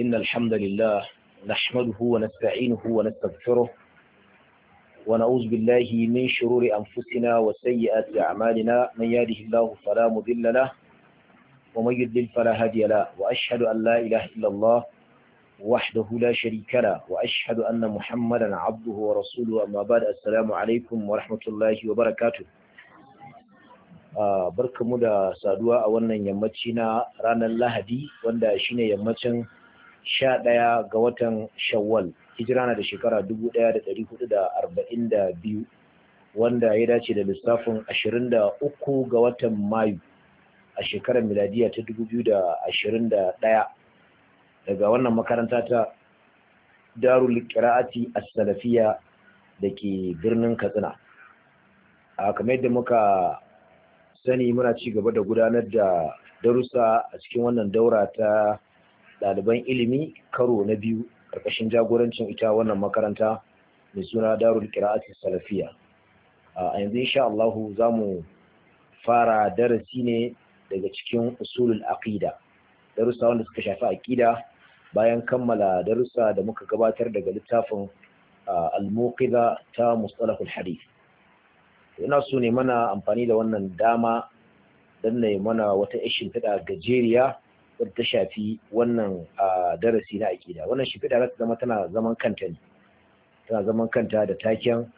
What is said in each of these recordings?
إن الحمد لله نحمده ونستعينه ونستغفره ونعوذ بالله من شرور أنفسنا وسيئات أعمالنا من يهده الله فلا مضل له ومن يضلل فلا هادي له وأشهد أن لا إله إلا الله وحده لا شريك له وأشهد أن محمدا عبده ورسوله أما بعد السلام عليكم ورحمة الله وبركاته barkamu da saduwa a wannan yammaci na ranar lahadi wanda shine yammacin sha ɗaya ga watan shawwal hijira na da shekara dubu ɗaya da ɗari hudu da arba'in da biyu wanda ya dace da lissafin ashirin da uku ga watan mayu a shekarar miladiya ta dubu biyu da ashirin da ɗaya daga wannan makaranta ta darul qira'ati a salafiya da ke birnin katsina a kamar yadda muka sani muna ci gaba da gudanar da darussa a cikin wannan daura ta ɗaliban ilimi karo na biyu ƙarƙashin jagorancin ita wannan makaranta mai suna darul qira'ati salafiya a yanzu insha Allahu za mu fara darasi ne daga cikin usulul aqida darussa wanda suka shafi aqida bayan kammala darussa da muka gabatar daga littafin al-muqidha ta mustalahul hadith ina so ne mana amfani da wannan dama dan ne mana wata ishin tada gajeriya wadda ta shafi wannan darasi na aƙida wannan shimfiɗa za ta zama tana zaman kanta ne tana zaman kanta da taken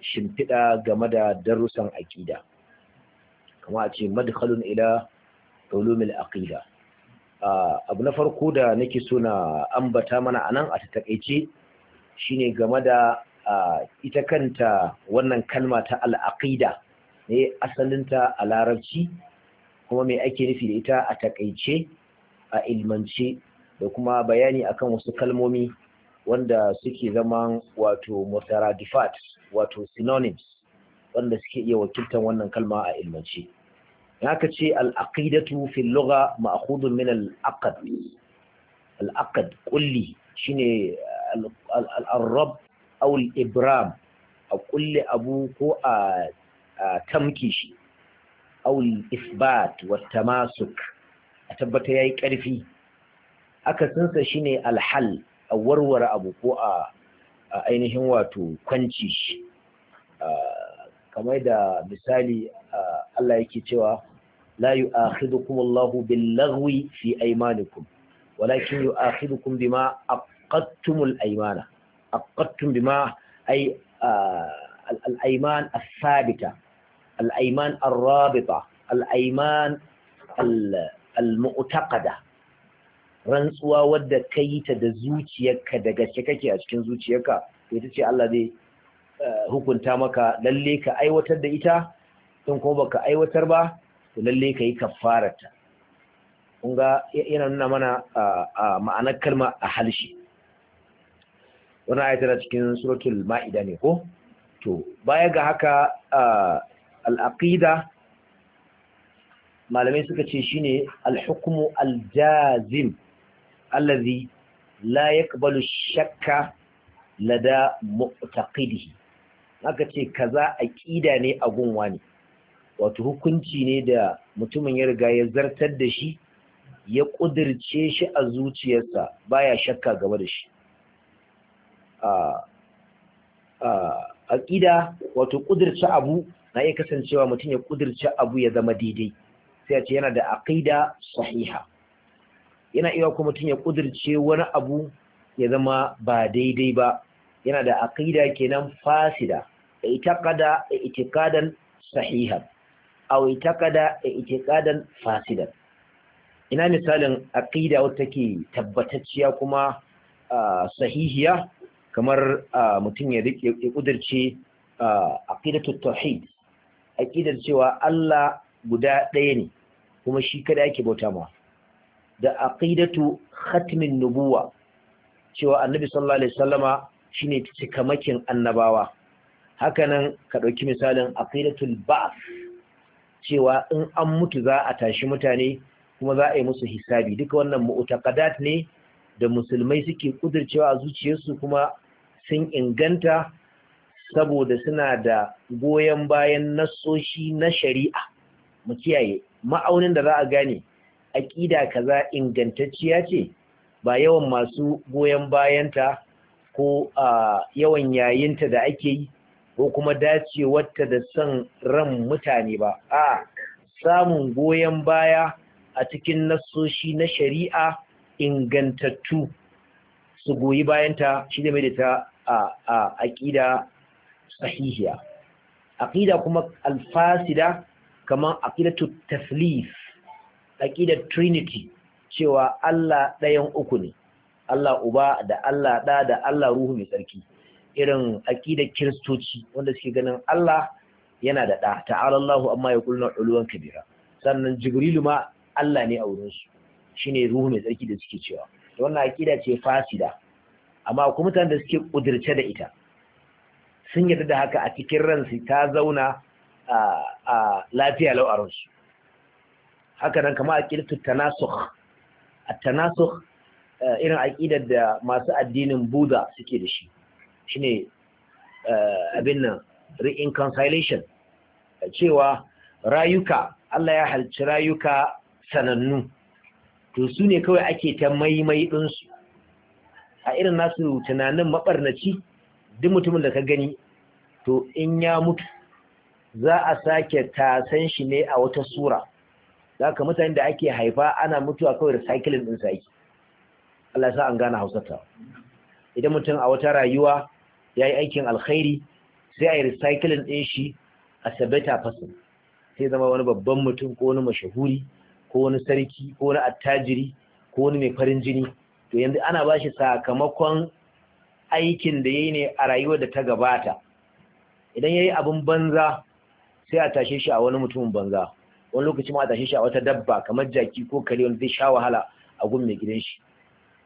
shimfiɗa game da darussan aƙida kama a ce madhalun ila ulumil aqida abu na farko da nake so na ambata mana anan a takaice shine game da ita kanta wannan kalma ta al al-aqida ne asalinta a larabci kuma mai ake nufi da ita a takaice a ilmance da kuma bayani akan wasu kalmomi wanda suke zama wato mutaradifat wato synonyms wanda suke iya wakiltar wannan kalma a ilmance haka ce al-aqidatu fi lugha ma'khudun min al-aqd al kulli shine al-rab aw al-ibram a kulli abu ko a tamki shi awul isbat wa tamasuk a tabbata yayi karfi akasinsa shine alhal a warware abu ko a ainihin wato kwanci shi kamar da misali Allah yake cewa la yu'akhidukum Allahu bil laghwi fi aymanikum walakin yu'akhidukum bima aqadtumul aymana aqadtum bima ay al ayman as-sabita al'aiman al-rabita al'aiman al-mu'taqada rantsuwa wadda ka yi ta da zuciyarka da gaske kake a cikin zuciyarka ita ce Allah zai hukunta maka lalle ka aiwatar da ita in kuma baka aiwatar ba to lalle ka yi kafararta kun ga yana nuna mana ma'anar kalma a halshi wannan ayatar cikin suratul ma'ida ne ko to baya ga haka al’aƙida malamai suka ce shi ne alhukumu aljazim allazi la ƙabalu shakka lada mu'taqidihi aka ce kaza ƙida ne a gunwa ne wato hukunci ne da mutumin ya riga ya zartar da shi ya kudirce shi a zuciyarsa baya shakka gaba da shi a ƙida wato kudirce abu na iya kasancewa mutum ya kudirce abu ya zama daidai sai ce yana da aqida sahiha yana iya kuma mutum ya kudirce wani abu ya zama ba daidai ba yana da aqida kenan fasida i'taqada i'tiqadan sahiha aw i'taqada i'tiqadan fasida ina misalin aqida wacce take tabbatacciya kuma sahihiya kamar mutum ya rike kudirce aqidatu tauhid aƙidar cewa Allah guda ɗaya ne kuma shi kada ake bauta ma da aqidatu khatmin nubuwa cewa annabi sallallahu alaihi wasallama shine cikamakin annabawa hakanan ka ɗauki misalin aqidatul ba'th cewa in an mutu za a tashi mutane kuma za a yi musu hisabi duka wannan mu'taqadat ne da musulmai suke kudurcewa a zuciyarsu kuma sun inganta saboda suna da goyon bayan nasoshi na shari'a mu kiyaye ma'aunin da za a gane aƙida kaza ingantacciya ce ba yawan masu goyon bayanta ko a yawan yayinta da ake yi ko kuma dacewarta da son ran mutane ba a samun goyon baya a cikin nasoshi na shari'a ingantattu su goyi bayanta shi da mai da ta aƙida sahihiya aqida kuma alfasida kamar aqidatu taslif aqidat trinity cewa Allah ɗayan uku ne Allah uba da Allah ɗa da Allah ruhu mai tsarki irin aqidar kiristoci wanda suke ganin Allah yana da ɗa ta'ala Allahu amma ya kulna uluwan kabira sannan jibrilu ma Allah ne a wurin su shine ruhu mai tsarki da suke cewa wannan aqida ce fasida amma kuma mutanen da suke kudirce da ita sun yarda da haka a cikin ransu ta zauna a lafiya lau haka nan kama a kirtu tanasuk a eh, tanasuk irin aƙidar da masu addinin buda suke da shi ne eh, abin nan reconciliation cewa rayuka Allah ya halci rayuka sanannu to su ne kawai ake ta maimai ɗinsu a irin nasu tunanin maɓarnaci duk mutumin da ka gani to in ya mutu za a sake tasan shi ne a wata sura za ka mutane da ake haifa ana mutuwa kawai da cycling ɗin sake Allah sa an gane hausata idan mutum a wata rayuwa ya yi aikin alkhairi sai a yi recycling din shi a sabbata fasin sai zama wani babban mutum ko wani mashahuri ko wani sarki ko wani attajiri ko wani mai farin jini to yanzu ana ba shi sakamakon aikin da ya yi ne a rayuwar da ta gabata idan ya yi abin banza sai a tashe shi a wani mutumin banza wani lokaci ma a tashe shi a wata dabba kamar jaki ko kare wanda zai sha wahala a gun mai gidan shi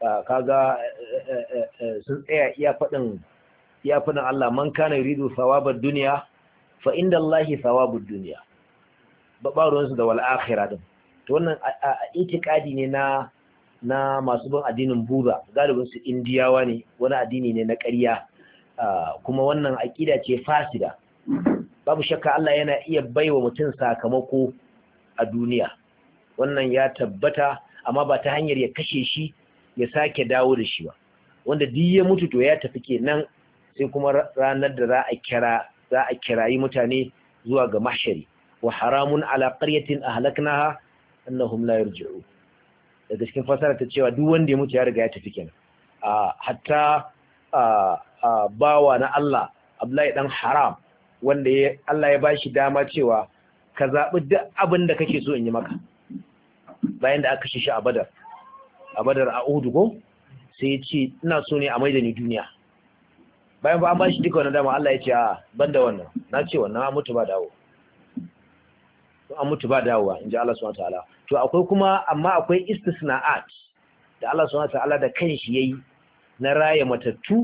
ah, kaga eh, eh, eh, sun tsaya iya faɗin iya faɗin Allah man kana yuridu sawabar duniya, fa inda Allah sawabar duniya ba ruwansu da wal akhirah din to wannan itikadi ne na na masu bin addinin buda galibin su Indiyawa ne wani addini ne na ƙarya kuma wannan aƙida ce fasida babu shakka Allah yana iya baiwa mutum sakamako a duniya wannan ya tabbata amma ba ta hanyar ya kashe shi ya sake dawo da shi ba wanda duk ya mutu to ya tafi kenan sai kuma ranar da za a kira za a kirayi mutane zuwa ga mahshari wa haramun ala qaryatin ahlaknaha annahum la yarji'u daga cikin fasara ta cewa duk wanda ya mutu ya riga ya tafi kenan a hatta bawa na Allah Abdullahi dan Haram wanda ya Allah ya bashi dama cewa ka zaɓi duk abin da kake so in yi maka bayan da aka shi shi a Badar a Badar a Uhud ko sai ya ce ina so ne a maida ni duniya bayan ba an bashi duka wannan dama Allah ya ce a banda wannan na ce wannan an mutu ba dawo an mutu ba dawowa in ji Allah subhanahu ta'ala to akwai kuma amma akwai istisna'at da Allah subhanahu ta'ala da kanshi yayi na raya matattu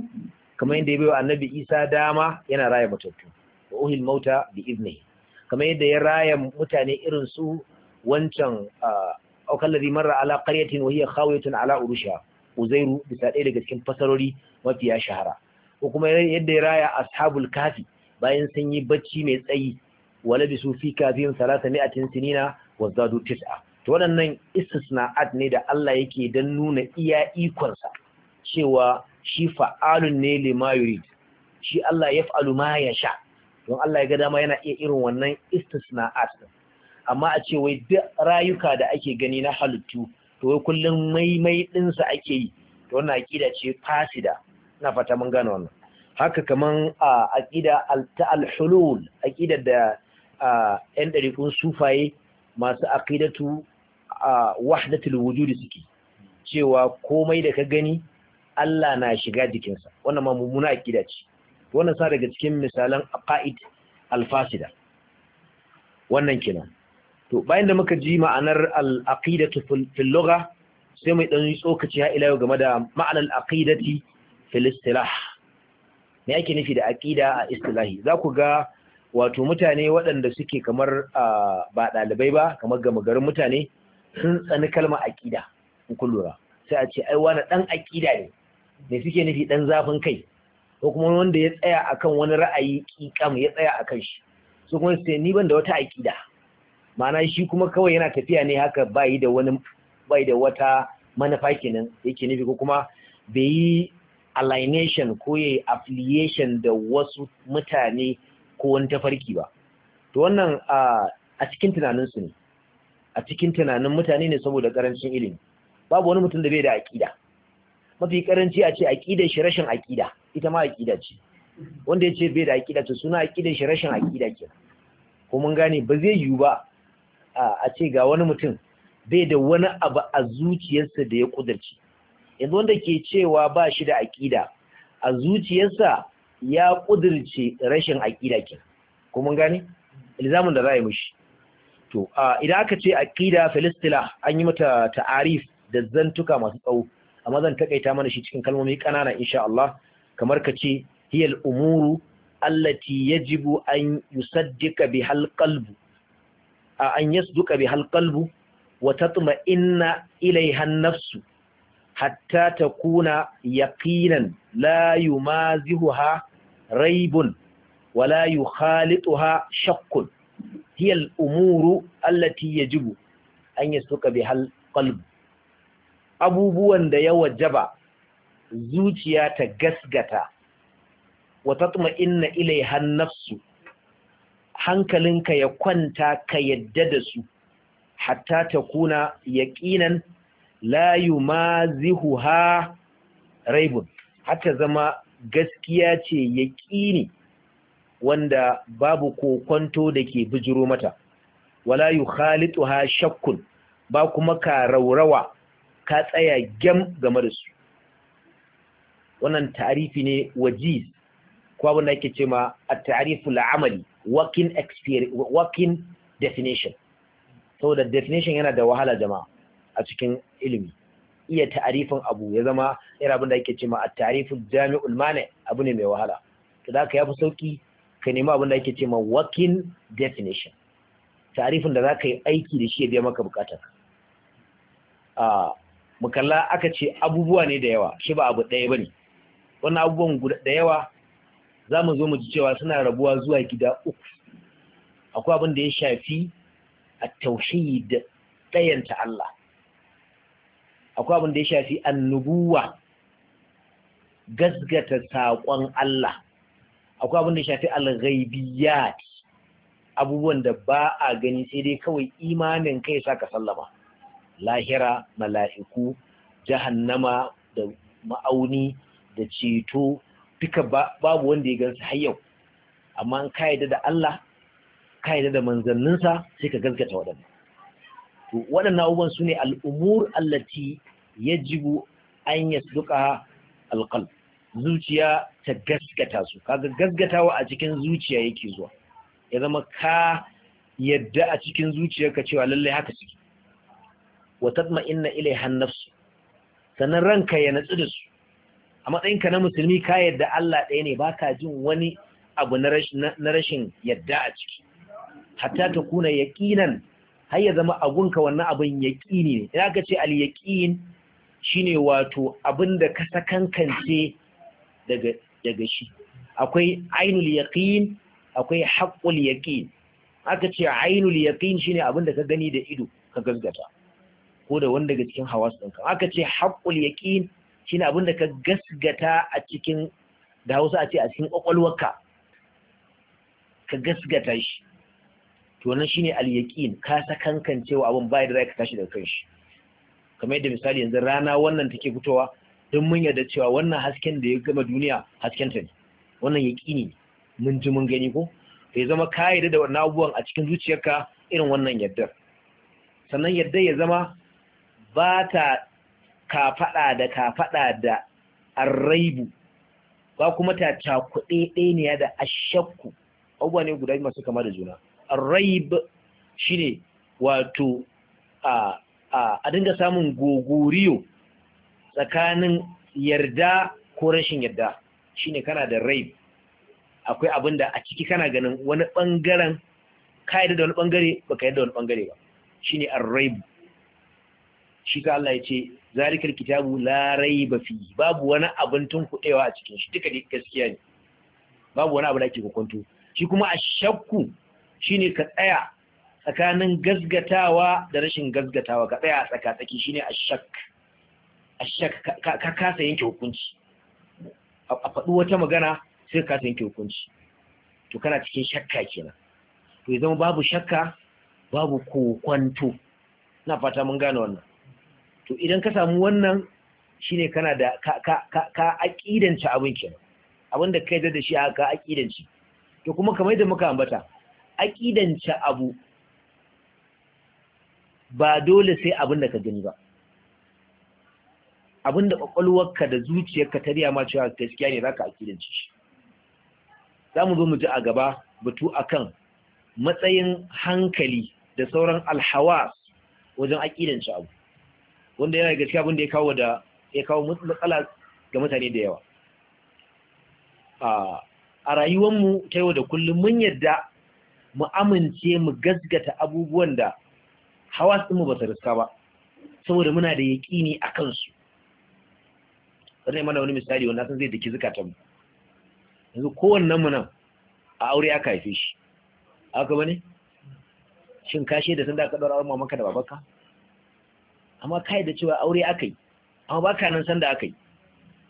kamar yadda ya bai wa annabi isa dama yana raya matattu wa uhil mauta bi iznihi kamar yadda ya raya mutane irin su wancan aukallazi marra ala qaryatin wa hiya khawiyatun ala urusha uzairu bisa ɗaya daga cikin fasarori mafiya shahara ko kuma yadda ya raya ashabul kafi bayan sun yi bacci mai tsayi wala bisu fi kafin salata mi'atin sinina wa zadu tis'a to waɗannan istisna'at ne da Allah yake dan nuna iya ikonsa cewa shi fa'alun ne lima shi Allah ya fa'alu ma ya sha don Allah ya ga dama yana iya irin wannan istisna'at amma a ce wai duk rayuka da ake gani na halittu to wai kullum maimai ɗinsa ake yi to wannan aƙida ce fasida na fata mun gano wannan haka kaman a aƙida ta al-hulul aƙida da a yan ɗarikun sufaye masu aƙidatu a wahdatul wujudi suke cewa komai da ka gani Allah na shiga jikinsa wannan ma mummuna akida ce wannan sa daga cikin misalan aqaid alfasida wannan kenan to bayan da muka ji ma'anar al-aqidatu sai mai dan tsokaci ha ila game da ma'anar aqidati fil istilah me ake nufi da aqida a istilahi za ku ga wato mutane waɗanda suke kamar ba ɗalibai ba kamar gama mutane sun tsani kalmar aƙida in kun sai a ce ai wani ɗan aƙida ne Mai suke nufi dan zafin kai ko kuma wanda ya tsaya akan wani ra'ayi kikam ya tsaya akan shi su kuma su ni ban da wata aƙida ma'ana shi kuma kawai yana tafiya ne haka bai da wani bai da wata manufa kenan yake nufi ko kuma bai yi alienation ko ya yi affiliation da wasu mutane ko wani tafarki ba to wannan a cikin tunaninsu ne a cikin tunanin mutane ne saboda karancin ilimi babu wani mutum da bai da aƙida mafi karanci a ce aƙidar shi rashin aƙida. ita ma aƙida ce wanda ya ce bai da aƙida to suna aƙidar shi rashin aƙida ke. ko mun gane ba zai yiwu ba a ce ga wani mutum bai da wani abu a zuciyarsa da ya kudurci yanzu wanda ke cewa ba shi da aƙida, a zuciyarsa ya kudurce rashin aƙida ke. ko mun gane ilzamin da za a yi mishi to idan aka ce aƙida filistila an yi mata ta'arif da zantuka masu tsawo amma zan takaita mana shi cikin kalmomi kanana insha Allah kamar ka ce hiyal umuru allati yajibu an yusaddika bi a an yasduka bi halqalbu wa tatma'inna ilayha an-nafsu hatta takuna yaqinan la yumazihuha raibun wa la yukhalituha shakkun hiyal al-umuru allati yajibu an yasduka bi halqalbu abubuwan da ya wajaba zuciya ta gasgata tuma ilai ilai nafsu hankalinka ya kwanta ka yadda da su hatta ta kuna Layu ma zihu ha raibun hatta zama gaskiya ce yaqini wanda babu ko kwanto da ke bijiro mata wala ha shakkun ba kuma ka raurawa ka tsaya gyam game da su wannan ta'arifi ne wajiz ko abin da yake ce ma at-ta'rifu al working experience working definition saboda definition yana da wahala jama'a a cikin ilimi iya ta'arifin abu ya zama irin abin da yake ce ma at-ta'rifu jami'ul mani abu ne mai wahala to da ka yafi sauki ka nemi abin da yake ce ma working definition ta'arifin da za ka yi aiki da shi ya biya maka bukatar ah, mu kalla aka ce abubuwa ne da yawa shi ba abu ɗaya ba ne. wannan abubuwan da yawa za mu zo mu ji cewa suna rabuwa zuwa gida uku akwai abin da ya shafi a taushe da ɗayanta Allah akwai abin da ya shafi annubuwa gasgata saƙon Allah akwai abin da ya shafi alghaibiyat abubuwan da ba a gani sai dai kawai imanin kai sa ka sallama lahira mala'iku jahannama da ma'auni da ceto duka babu wanda ya gansu har yau amma an kayyade da Allah kayyade da manzanninsa sai ka gaskata waɗannan to waɗannan abubuwan su ne al'umur allati yajibu an yasduqa alqalb zuciya ta gaskata su kaga gaskatawa a cikin zuciya yake zuwa ya zama ka yadda a cikin zuciyarka cewa lallai haka suke wa ilai ilaiha nafsu sannan ranka ya natsu da su a matsayinka na musulmi ka yadda Allah ɗaya ne baka jin wani abu na rashin yadda a ciki hatta ta kuna yaƙinan har ya zama ka wannan abun yaƙini ne idan aka ce al-yaqin shine wato abin da ka sakankance daga daga shi akwai ainul yaqin akwai haqqul yaqin aka ce ainul yaqin shine abin da ka gani da ido ka gaskata ko da wanda daga cikin hawa ɗinka aka ce haƙul yaƙin shi ne abinda ka gasgata a cikin da hausa a ce a cikin ƙwaƙwalwarka ka gasgata shi to nan shine ne yaƙin ka kankance cewa abin bayan da za ka tashi daga kan shi kamar yadda misali yanzu rana wannan take fitowa don mun yarda cewa wannan hasken da ya gama duniya hasken ta ne wannan yaƙini ne mun ji mun gani ko ya zama ka yarda da wannan abubuwan a cikin zuciyarka irin wannan yardar sannan yarda ya zama ba ta kafaɗa da kafaɗa da arraibu ba kuma ta cakuɗe ɗaya da ashakku abubuwa ne guda masu kama da juna arraib ne wato a dinga samun gogoriyo tsakanin yarda ko rashin yarda Shi ne kana da raib akwai abin da a ciki kana ganin wani ɓangaren, ka yarda da wani ba baka yarda da wani ɓangare ba Shi shine arraibu shi ka Allah ya ce zalikar kitabu la raiba fi babu wani abin tunkuɗewa a cikin shi duka gaskiya ne babu wani abu da ke kokonto shi kuma a shakku shine ka tsaya tsakanin gasgatawa da rashin gasgatawa ka tsaya a tsakatsaki shine a shak a shak ka kasa yanke hukunci a faɗi wata magana sai ka kasa yanke hukunci to kana cikin shakka kenan to ya zama babu shakka babu kokonto na fata mun gane wannan to idan ka samu wannan shine kana da ka ka ka abin ke abin da kai da shi haka aqidanci to kuma kamar yadda muka ambata aqidanci abu ba dole sai abin da ka gani ba abin da ƙwaƙwalwarka da zuciyarka ta riya ma cewa gaskiya ne zaka aqidanci shi zamu zo mu ji a gaba batu akan matsayin hankali da sauran alhawa wajen aƙidance abu wanda yana gaskiya abin da ya kawo da ya kawo matsala ga mutane da yawa a rayuwanmu ta yau da kullum mun yadda mu amince mu gasgata abubuwan da hawa su mu ba su riska ba saboda muna da yaƙini a kansu sannan mana wani misali wanda san zai daki mu. yanzu kowannen mu nan a aure aka haife shi aka bane shin kashe da sun da aka ɗaura maka da babaka? amma kai da cewa aure aka yi amma ba ka nan san da aka yi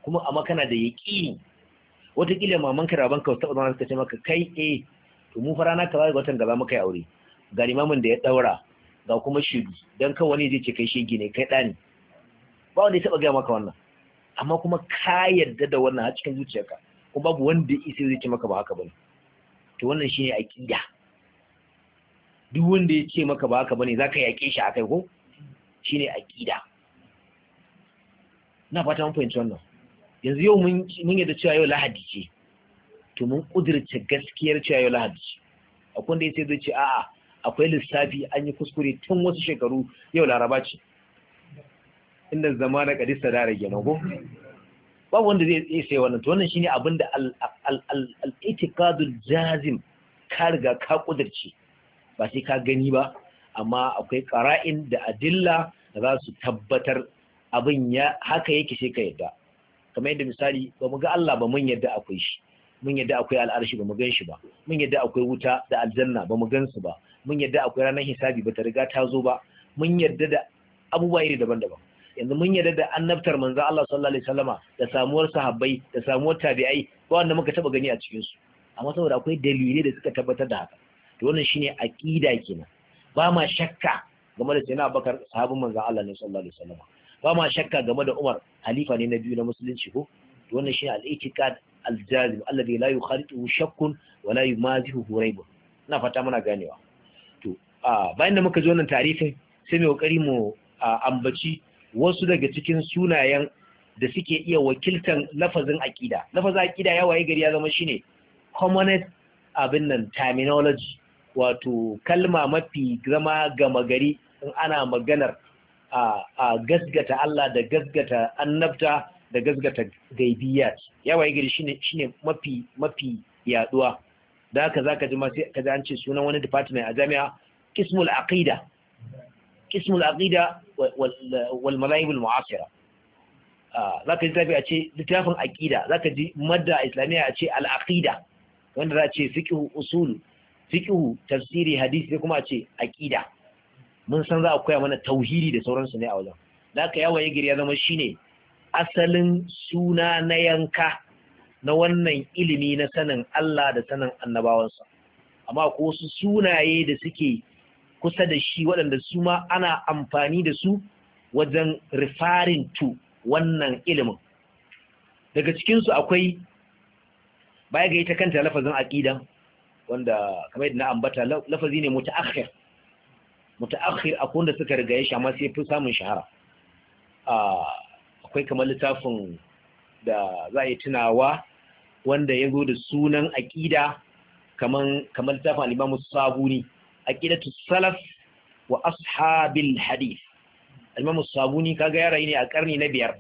kuma amma kana da yaƙini wataƙila maman ka raban ka taɓa zama suka ce maka kai eh to mu fara na ba watan gaba muka yi aure ga limamin da ya ɗaura ga kuma shegu don kan wani zai ce kai shege ne kai ɗani ba wanda ya taɓa gaya maka wannan amma kuma ka yarda da wannan a cikin zuciyarka kuma babu wanda isa zai ce maka ba haka bane to wannan shine aqida duk wanda ya ce maka ba haka bane zaka yaƙe shi akai ko shine aqida na fata mun fahimci wannan yanzu yau mun mun yadda cewa yau lahadi ce to mun kudirce gaskiyar cewa yau lahadi ce akwai da yace zai ce a'a akwai lissafi an yi kuskure tun wasu shekaru yau laraba ce inda zama na ƙadista da rage na babu wanda zai iya sai wannan to wannan shine abin da al jazim ka riga ka kudirce ba sai ka gani ba amma akwai ƙara'in da adilla da za su tabbatar abin ya haka yake sai ka yadda kamar yadda misali ba mu ga Allah ba mun yadda akwai shi mun yadda akwai al'arshi ba mu gan shi ba mun yadda akwai wuta da aljanna ba mu gan su ba mun yadda akwai ranar hisabi ba ta riga ta zo ba mun yadda da abubuwa iri daban-daban yanzu mun yadda da annabtar manzo Allah sallallahu alaihi wasallama da samuwar sahabbai da samuwar tabi'ai ba wanda muka taba gani a cikin su amma saboda akwai dalilai da suka tabbatar da haka to wannan shine aqida kenan ba ma shakka game da sayyidina Abubakar sahabin manzo Allah ne sallallahu alaihi wasallam ba ma shakka game da Umar halifa ne na biyu na musulunci ko to wannan shi al-i'tiqad al-jazim alladhi la yukhalituhu shakkun wa la yumazihu raib ina fata muna ganewa to bayan da muka ji wannan tarihin sai mu kokari mu ambaci wasu daga cikin sunayen da suke iya wakiltan lafazin aƙida lafazin aƙida ya waye gari ya zama shine commonest abin nan terminology wato kalma mafi zama gama gari in ana maganar a gasgata Allah da gasgata annabta da gasgata gaibiyat yawa gari shine shine mafi mafi yaduwa da haka ka ji ma ka ji an ce sunan wani department a jami'a Kismul aqida kismul aqida wal malaib al mu'asira ka ji tafi a ce littafin aqida ka ji madda islamiyya a ce al aqida wanda za a ce fiqh usul fiƙihu tafsiri hadisi sai kuma a ce aƙida. mun san za a koya mana tauhiri da sauransu ne a wajen ka yawa ya girya ya zama shine asalin suna na yanka na wannan ilimi na sanin Allah da sanin annabawansa amma ko wasu sunaye da suke kusa da shi waɗanda su ma ana amfani da su wajen rifarin tu wannan ilimin daga cikinsu akwai baya ga ita kanta lafazin aƙidan? wanda kamar yadda na ambata lafazi ne mutaakhir mutaakhir akwai wanda suka riga yashi amma sai fi samun shahara akwai kamar littafin da za a yi tunawa wanda ya zo da sunan aƙida kaman kamar littafin alimamu Sabuni Sabuni aqidatu salaf wa ashabil hadith alimamu Sabuni kaga ya rayu ne a karni na biyar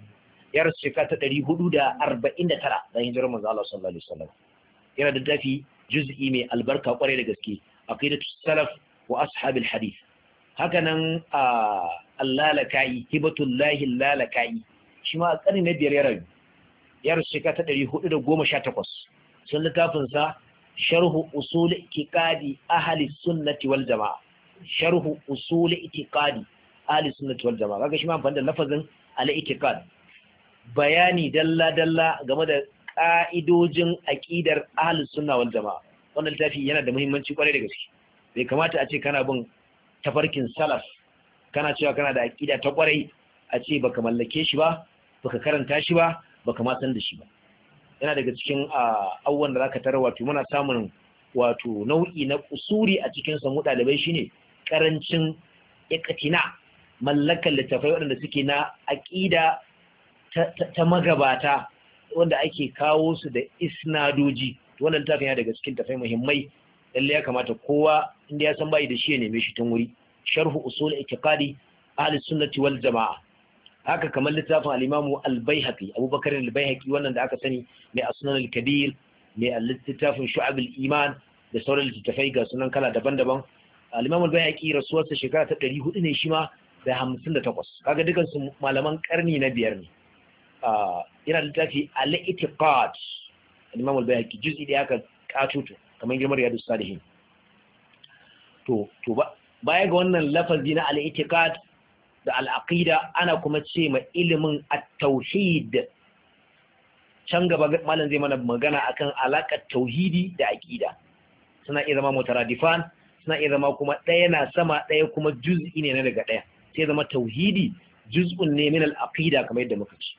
yar rasu shekara ta 449 bayan hijirar manzo Allah sallallahu alaihi wasallam yana da dafi juz'i mai albarka kwarai da gaske da salaf wa ashabil hadith haka nan a allalaka'i hibatullahi lalaka'i shi ma a tsari na biyar ya rayu ya shekara ta ɗari hudu da goma sha takwas sun littafin sa sharhu usul itiqadi ahli sunnati wal jama'a sharhu usul itiqadi ahli sunnati wal jama'a kaga shi ma amfani da lafazin al itiqad bayani dalla dalla game da ka'idojin aƙidar ahlus sunna wal jama'a wannan littafi yana da muhimmanci kwarai da gaske bai kamata a ce kana bin tafarkin salaf kana cewa kana da aƙida ta kwarai a ce baka mallake shi ba baka karanta shi ba baka ma san da shi ba yana daga cikin abubuwan da zaka tarar wato muna samun wato nau'i na kusuri a cikin samu ɗalibai shine karancin ikatina mallakar littafai waɗanda suke na aƙida ta magabata wanda ake kawo su da isnadoji wannan tafin ya daga cikin tafai muhimmai lalle ya kamata kowa inda ya san bai da shi ya neme shi tun wuri sharhu usul itiqadi ahli sunnati wal jamaa haka kamar littafin al-imamu al-baihaqi abubakar al-baihaqi wannan da aka sani mai asnan al-kabir mai littafin shu'ab al-iman da sauran littafai ga sunan kala daban-daban al-imamu al-baihaqi rasuwarsa shekara ta 400 ne shi ma da 58 kaga dukan su malaman karni na biyar ne yana littafi ala itiqad al-imam al-bayhaqi juz'i da aka katutu kamar girmar yadu salihin to to ba baya ga wannan lafazi na ala itiqad da al ana kuma ce ma ilimin at-tauhid can gaba malam zai mana magana akan alakar tauhidi da aqida suna iya zama mutaradifan suna iya zama kuma ɗaya na sama ɗaya kuma juz'i ne na daga ɗaya sai zama tauhidi juz'un ne min al-aqida kamar yadda muka ce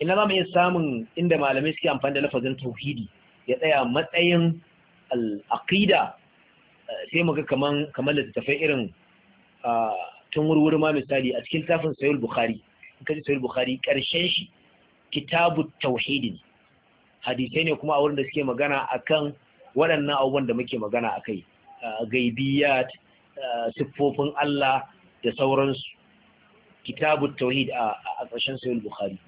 ina ma mai samun inda malamai suke amfani da lafazin tauhidi ya tsaya matsayin al'aqida sai muga kaman kamar littattafai irin tun wurwuri ma misali a cikin tafin sayul bukhari in ka ji sayul bukhari karshen shi kitabu tauhidi ne hadisai ne kuma a wurin da suke magana akan waɗannan abubuwan da muke magana akai gaibiyat siffofin Allah da sauransu kitabu tauhid a ƙarshen sayar bukhari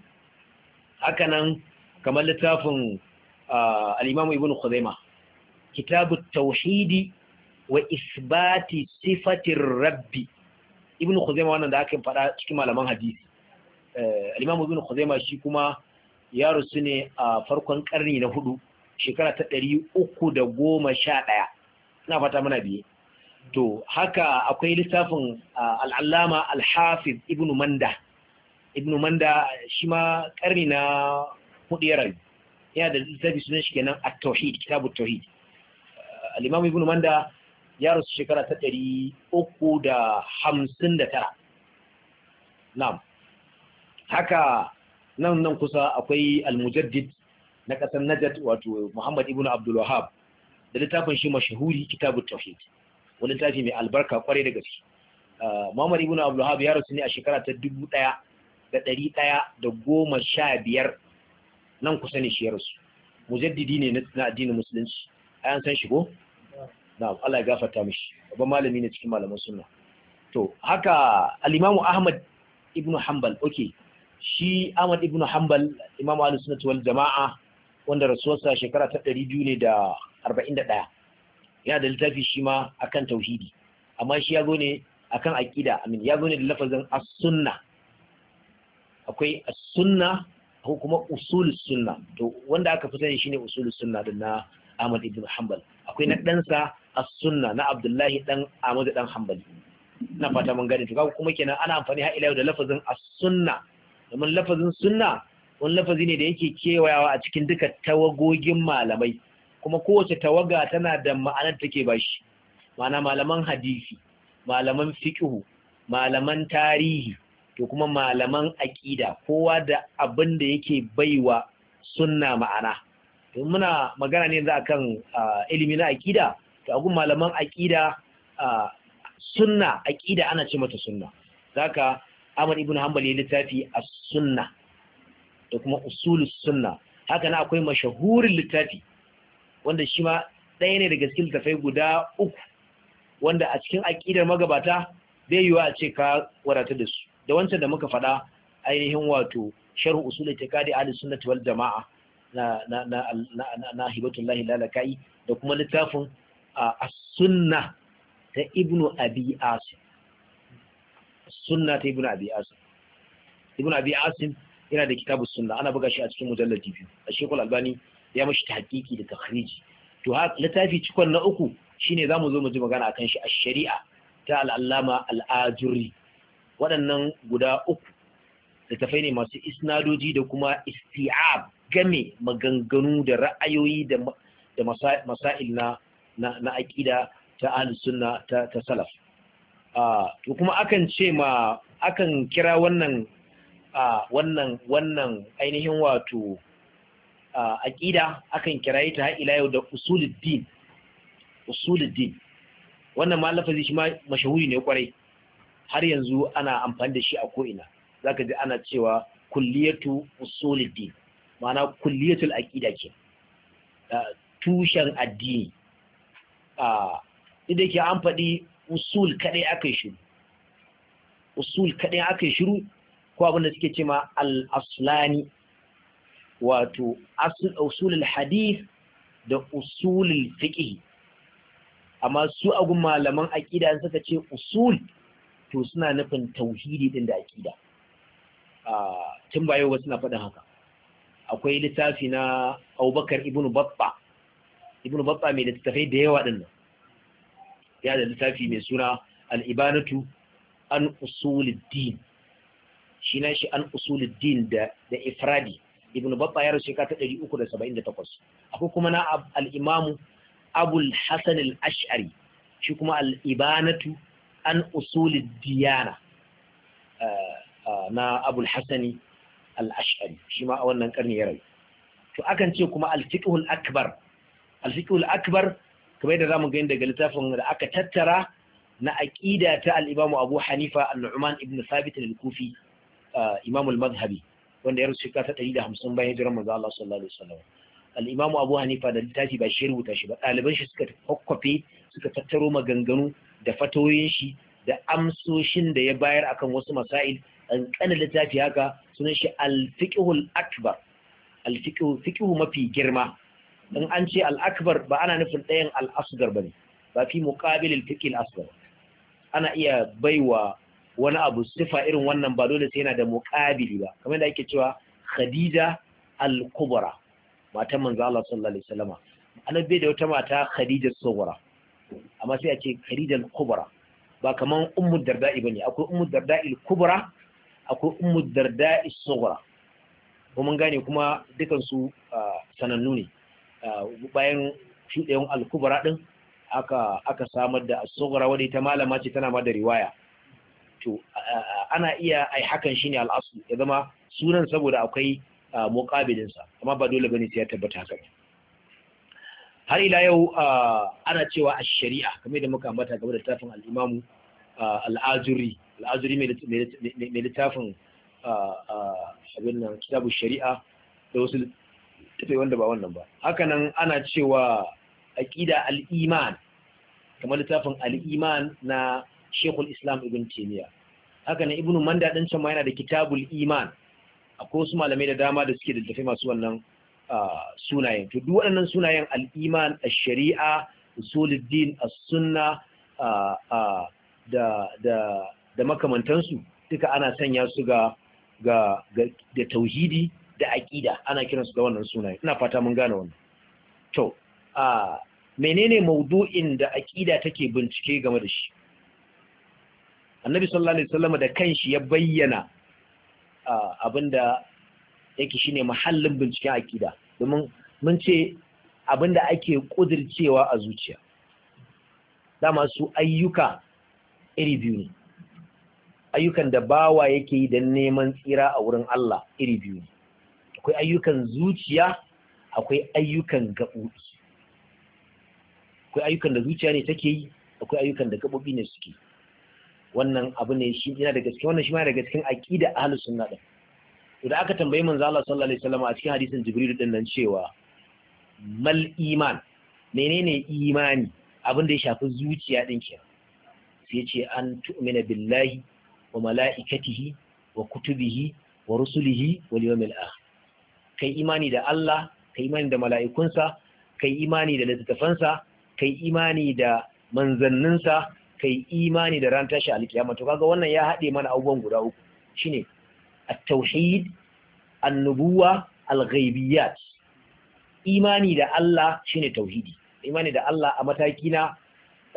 hakanan kamar littafin al'imamu ibn khuzaima kitabu tauhidi wa isbati sifatin rabbi ibn khuzaima wannan da aka faɗa cikin malaman hadisi eh, al'imamu ibn khuzaima shi kuma yaro su ne a farkon karni na hudu shekara ta ɗari uku da goma sha ɗaya ina fata mana biye to haka akwai lissafin al'allama al-hafiz ibn manda ibn manda shi ma karni na hudu ya yana da littafi sunan shi kenan a tauhid kitabu tauhid al ibn manda ya rasu shekara ta ɗari uku da hamsin da tara na'am haka nan nan kusa akwai al-mujaddid na ƙasar najat wato muhammad ibn abdul wahab da littafin shi mashahuri kitabu tauhid wani littafi mai albarka kwarai da gaske ah, Muhammad ibn Abdul ya rasu ne a shekara ta dubu ɗaya da ɗari ɗaya da goma sha biyar nan kusa ne shi ya rasu mujaddidi ne na addinin musulunci ayan san shigo na Allah ya gafarta mishi babban malami ne cikin malaman sunna to haka al-Imam Ahmad ibn Hanbal okay shi Ahmad ibn Hanbal Imam Ahlus Sunnah wal Jama'a wanda rasuwarsa shekara ta 241 ya da littafi shi ma akan tauhidi amma shi ya zo ne akan aqida amin ya zo ne da lafazin as-sunna akwai as-sunna ko kuma usul sunna to wanda aka fi sani shine usul sunna din na Ahmad ibn Hanbal akwai na ɗansa as-sunna na Abdullahi dan Ahmad dan Hanbali na fata mun gane to kaga kuma kenan ana amfani har ila da lafazin as-sunna domin lafazin sunna wani lafazi ne da yake kewayawa a cikin duka tawagogin malamai kuma kowace tawaga tana da ma'anar take shi ma'ana malaman hadisi malaman fiqhu malaman tarihi to kuma malaman aƙida kowa da abin da yake baiwa sunna ma'ana To muna magana ne yanzu kan ilimi na aƙida to agun malaman aƙida sunna aƙida ana ce mata sunna zaka Ahmad ibn Hanbal ya littafi a sunna da kuma usulus sunna haka na akwai mashahurin littafi wanda shi ma ɗaya ne daga cikin tafai guda uku wanda a cikin aƙidar magabata bai yiwa a ce ka wadatar da su da wancan da muka faɗa ainihin wato sharhu usul itiqadi ahli sunnati wal jama'a na na na na hibatullahi lalakai da kuma littafin a sunna ta ibnu abi asim sunna ta ibnu abi asim ibnu abi asim yana da kitabu sunna ana buga shi a cikin mujalladi biyu a shekul albani ya mashi tahqiqi da takhriji to ha littafi cikon na uku shine zamu zo mu ji magana akan shi a sharia ta al-allama al-ajuri waɗannan guda uku littafai ne masu isnadoji da kuma isti'ab game maganganu da ra'ayoyi da da masail na na aqida ta al sunna ta, ta salaf to kuma akan ce ma akan kira wannan wannan wannan ainihin wato aƙida akan kiraye ta ila yau da usuluddin usuluddin wannan ma lafazi shi mashahuri ne kwarai har yanzu ana amfani da shi a ko'ina zaka ji ana cewa kulliyatu usuluddin ma'ana kulliyatul aƙida ke tushen addini a inda ke an faɗi usul kaɗai aka shiru usul kaɗai aka shiru ko abin da suke ce ma al-aslani wato usulul hadith da usulul fiqh amma su agun malaman aqida suka ce usul to suna nufin tauhidi din da aqida tun ba yau ba suna faɗin haka akwai littafi na Abubakar ibn Babba. ibn Babba mai littafai da yawa din nan ya da littafi mai suna al-ibanatu an usulid din shi na shi an din da da ifradi ibn babba ya rasu ta 378 akwai kuma na al-imam abul hasan al-ash'ari shi kuma al-ibanatu an usulid diyana eh, eh, na abul hasani al-ash'ari shi ma a wannan karni ya rayu to akan ce kuma al-fiqhul akbar al-fiqhul akbar kamar yadda zamu gani daga littafin da aka tattara na aqida ta al-imamu abu hanifa an-nu'man ibn thabit al-kufi eh, imamul madhhabi wanda ya rasu shekara ta ɗari da hamsin bayan hijirar manzo Allah sallallahu alaihi wasallam al-imamu Abu Hanifa da littafi ba shi rubuta shi ba ɗaliban shi suka kokkofe suka tattaro maganganu da fatoyin shi da amsoshin da ya bayar akan wasu masail an kana littafi haka sunan shi al-fiqhul akbar al-fiqhu fiqhu mafi girma in an ce al-akbar ba ana nufin ɗayan al-asgar bane ba fi muqabil al-fiqh al ana iya baiwa wani abu sifa irin wannan ba dole sai yana da muqabili ba kamar da ake cewa Khadija al-Kubra matan manzo Allah sallallahu alaihi wasallama annabi da wata mata Khadija al amma sai ake ce Khadija al-Kubra ba kaman Ummu Darda'i bane akwai Ummu Darda'i al-Kubra akwai Ummu Darda'i al ko mun gane kuma dukan su sanannu ne bayan shuɗewan al-Kubra din aka aka samar da al-Sughra wadda ita malama ce tana ma da riwaya to ana iya ai hakan shine al'asu ya zama sunan saboda akwai muqabilin sa amma ba dole bane sai ya tabbata haka har ila yau ana cewa a shari'a kamar da muka ambata game da tafin al imamu al-Azuri al-Azuri mai littafin abin nan kitabu shari'a da wasu wanda ba wannan ba hakanan ana cewa aqida al-iman kamar littafin al-iman na shekul islam ibn taimiyya haka na ibn manda ɗin can ma yana da kitabul iman akwai wasu malamai da dama da suke da masu wannan sunayen to duk waɗannan sunayen al-iman sharia usuluddin as-sunna da da da makamantansu duka ana sanya su ga ga da tauhidi da aqida ana kiransu ga wannan sunaye ina fata mun gane wannan to a menene maudu'in da aƙida take bincike game da shi annabi sallallahu alaihi wasallam da kanshi ya bayyana abinda yake shine mahallin binciken akida domin mun ce da ake kudircewa a zuciya dama su ayyuka iri biyu ne ayyukan da bawa yake yi da neman tsira a wurin Allah iri biyu ne akwai ayyukan zuciya akwai ayyukan gaɓoɓi akwai ayyukan da zuciya ne take yi akwai ayyukan da gaɓoɓi ne suke yi wannan abu ne shi yana daga cikin wannan shi ma daga cikin aqida ahlus sunna din to da aka tambayi manzo Allah sallallahu alaihi wasallam a cikin hadisin Jibril din nan cewa mal iman menene imani abin da ya shafi zuciya din ke sai ce an tu'mina billahi wa mala'ikatihi wa kutubihi wa rusulihi wal yawmil kai imani da Allah kai imani da mala'ikunsa kai imani da littattafansa, kai imani da manzanninsa kai imani da ran tashi alkiyama to kaga wannan ya haɗe mana abubuwan guda uku shine at-tauhid an-nubuwa al-ghaibiyat imani da Allah shine tauhidi imani da Allah a mataki na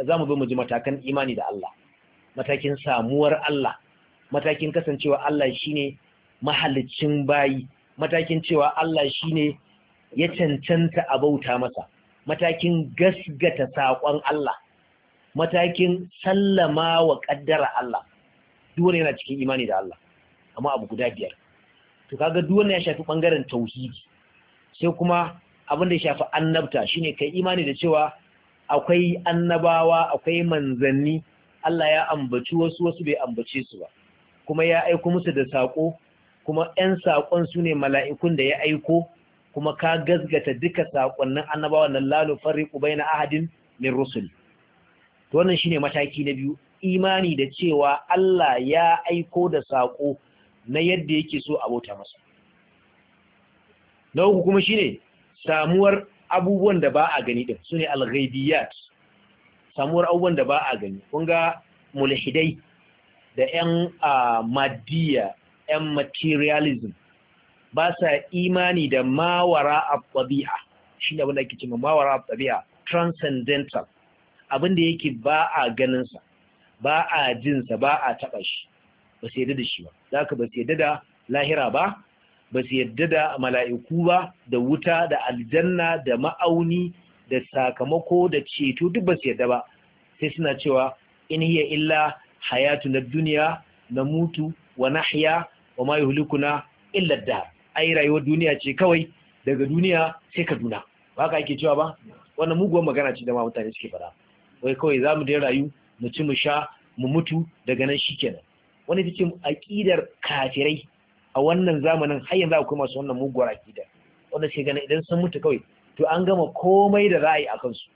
zamu zo mu ji matakan imani da Allah matakin samuwar Allah matakin kasancewa Allah shine mahalicin bayi matakin cewa Allah shine ya cancanta abauta masa matakin gasgata saƙon Allah matakin sallama wa kaddara Allah duk yana cikin imani da Allah amma abu guda biyar to kaga duk ya shafi bangaren tauhidi sai kuma abin da ya shafi annabta shine kai imani da cewa akwai annabawa akwai manzanni Allah ya ambaci wasu wasu bai ambace su ba kuma ya aiko musu da sako kuma 'yan sakon su ne mala'ikun da ya aiko kuma ka gazgata duka sakonnin annabawa nan lalu fariqu baina ahadin min rusuli to wannan shine mataki na biyu imani da cewa Allah ya aiko da sako na yadda yake so a bauta masa na uku kuma shine samuwar abubuwan da ba a gani din sune al-ghaibiyat samuwar abubuwan da ba a gani kun ga mulhidai da yan madiya yan materialism ba sa imani da mawara a tabi'a shi abin ake cewa mawara transcendental abin da yake ba a ganinsa ba a jinsa ba a taɓa shi ba su yadda da shi ba za ka ba su yadda da lahira ba ba su yadda da mala'iku ba da wuta da aljanna da ma'auni da sakamako da ceto duk ba su yadda ba sai suna cewa in hiya illa hayatu na duniya na mutu wa nahya wa ma yuhlikuna illa da ai rayuwar duniya ce kawai daga duniya sai ka kaduna ba ka ake cewa ba wannan muguwar magana ce da ma mutane suke fara wai kawai za mu dai rayu mu ci mu sha mu mutu daga nan kenan. wani ta ce aƙidar kafirai a wannan zamanin har yanzu akwai masu wannan muguwar aƙida wanda sai ganin idan sun mutu kawai to an gama komai da za a yi a kansu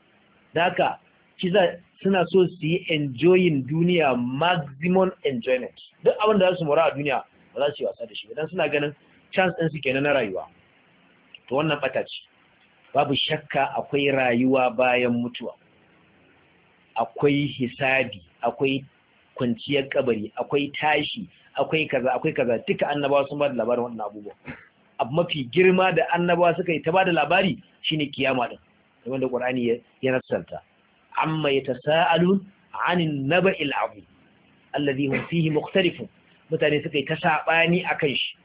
da haka kiza suna so su yi enjoying duniya maximum enjoyment duk abin da za su mora a duniya ba za su yi wasa da shi idan suna ganin chance ɗin su kenan na rayuwa to wannan ɓata ce babu shakka akwai rayuwa bayan mutuwa akwai hisabi akwai kwanciyar kabari akwai tashi akwai kaza akwai kaza duka annabawa sun ba da labarin wannan abubuwa abu mafi girma da annabawa suka yi ta ba da labari shine kiyama din da qur'ani ya nassalta amma yatasaalun anin naba'il abu alladhi hum fihi mukhtalifun mutane suka yi ta sabani akan shi